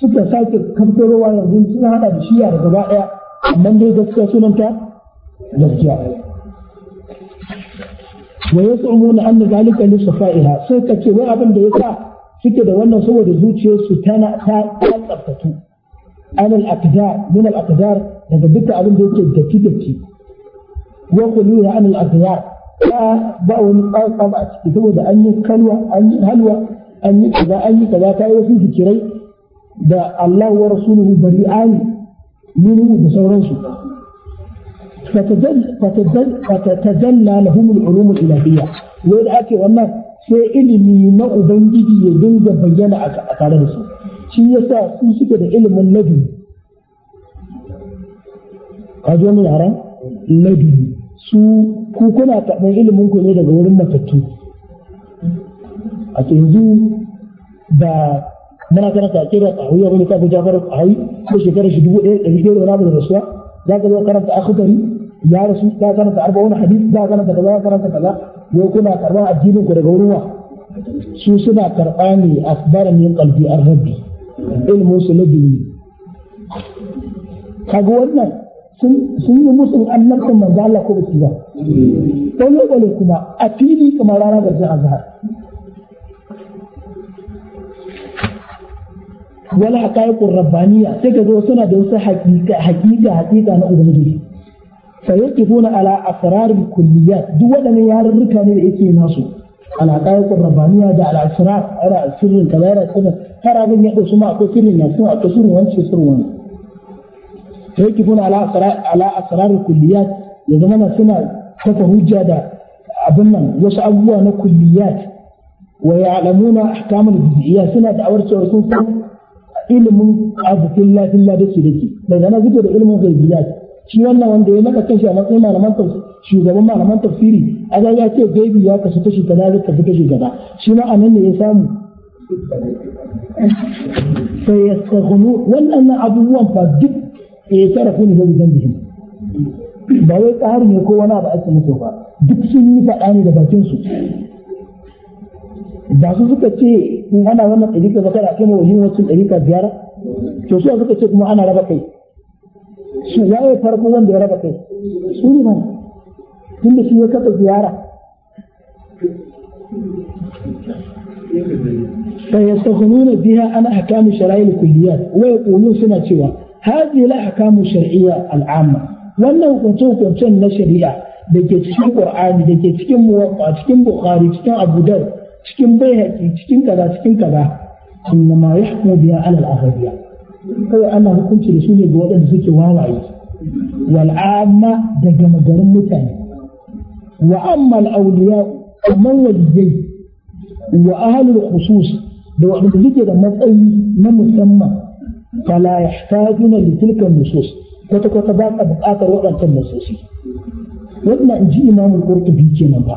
suka sake kaftarowa yanzu suna hada da shiya da gaba ɗaya amma dai gaskiya sunanta gaskiya wa yas'umuna anna zalika li safa'iha sai ka ce wai abin da yasa suke da wannan saboda zuciyarsu tana ta tsaftace an al-aqdar min al-aqdar daga dukkan abin da yake datti datti wa quluna an al-aqdar ba wani tsatsa a ciki saboda an yi kalwa an yi halwa an yi kaza an yi kaza ta yi wasu zikirai da Allah wa rasuluhu bari'ani nuhu da sauransu fatajalla lahum al-ulum al-ilahiyya wai da ake wannan sai ilimi na ubangiji ya dinga bayyana a tare da su shi yasa su suke da ilimin nabi ka ji wani yaran nabi su ku kuna taɓin ilimin ku ne daga wurin matattu a yanzu ba. muna karanta akida tahawiyya wani kafin jafar tahawi ko shekarar shi dubu ɗaya ɗari ɗaya da wani da rasuwa za ka zo karanta akhbari ya rasu za ka karanta arba'un hadith za ka karanta kaza za karanta kaza wai kuna karɓar addinin ku daga wurin wa su suna karɓa ne asbara min qalbi a rabbi ilmu su labbi kaga wannan sun yi musu annabtan manzo Allah ko ba su ba dole kuma a fili kamar rana da azhar wala haqaiqur rabbaniya sai ka zo suna da wasu haƙiƙa haƙiƙa haƙiƙa na ubangiji fayaqifuna ala asrarul kulliyat duk waɗannan yarurruka ne da yake nasu ala haqaiqur rabbaniya da ala asrar sirrin kaza ala har abin ya dauki ma akwai sirrin ya sun akwai sirrin wani ce wani fayaqifuna ala ala asrarul kulliyat ya suna kafa da abin nan wasu abubuwa na kulliyat wa ya'lamuna ahkamul suna da awarcewa ilimin abu filla filla dake dake mai zana fito da ilimin ghaibiyat shi wannan wanda ya naka kanshi a matsayin malaman shugaban malaman tafsiri a ga ya ce gaibi ya kasu kashi kaza zai kasu kashi kaza shi ma anan ne ya samu sai ya tsagono wannan abubuwan fa duk ya tarafi ne zai zan bihin ba wai tsari ne ko wani abu ake musu ba duk sun yi faɗa ne da bakinsu. ba su suka ce in ana wannan ɗarika ba kada kai wajen wasu ɗarika ziyara to su suka ce kuma ana raba kai shi waye farko wanda ya raba kai su ne tun da shi ya kafa ziyara فيستغنون بها عن أحكام الشرائع الكليات ويقولون سنة سوى هذه الأحكام الشرعية العامة وأنه كنت كنت نشريع da ke cikin Qur'ani da ke cikin cikin Bukhari cikin Abu Dawud cikin bayhaqi cikin kaza cikin kaza inna ma yahkumu biya alal al-aghabiyya kawai ana hukunci da su ne ga waɗanda suke wawaye wal'amma daga magarin mutane wa amma al-awliya amma waliyai wa ahlul khusus da waɗanda suke da matsayi na musamman fala yahtajuna li tilka nusus kwata kwata ba ka buƙatar waɗancan nususi wannan in ji imamul qurtubi kenan ba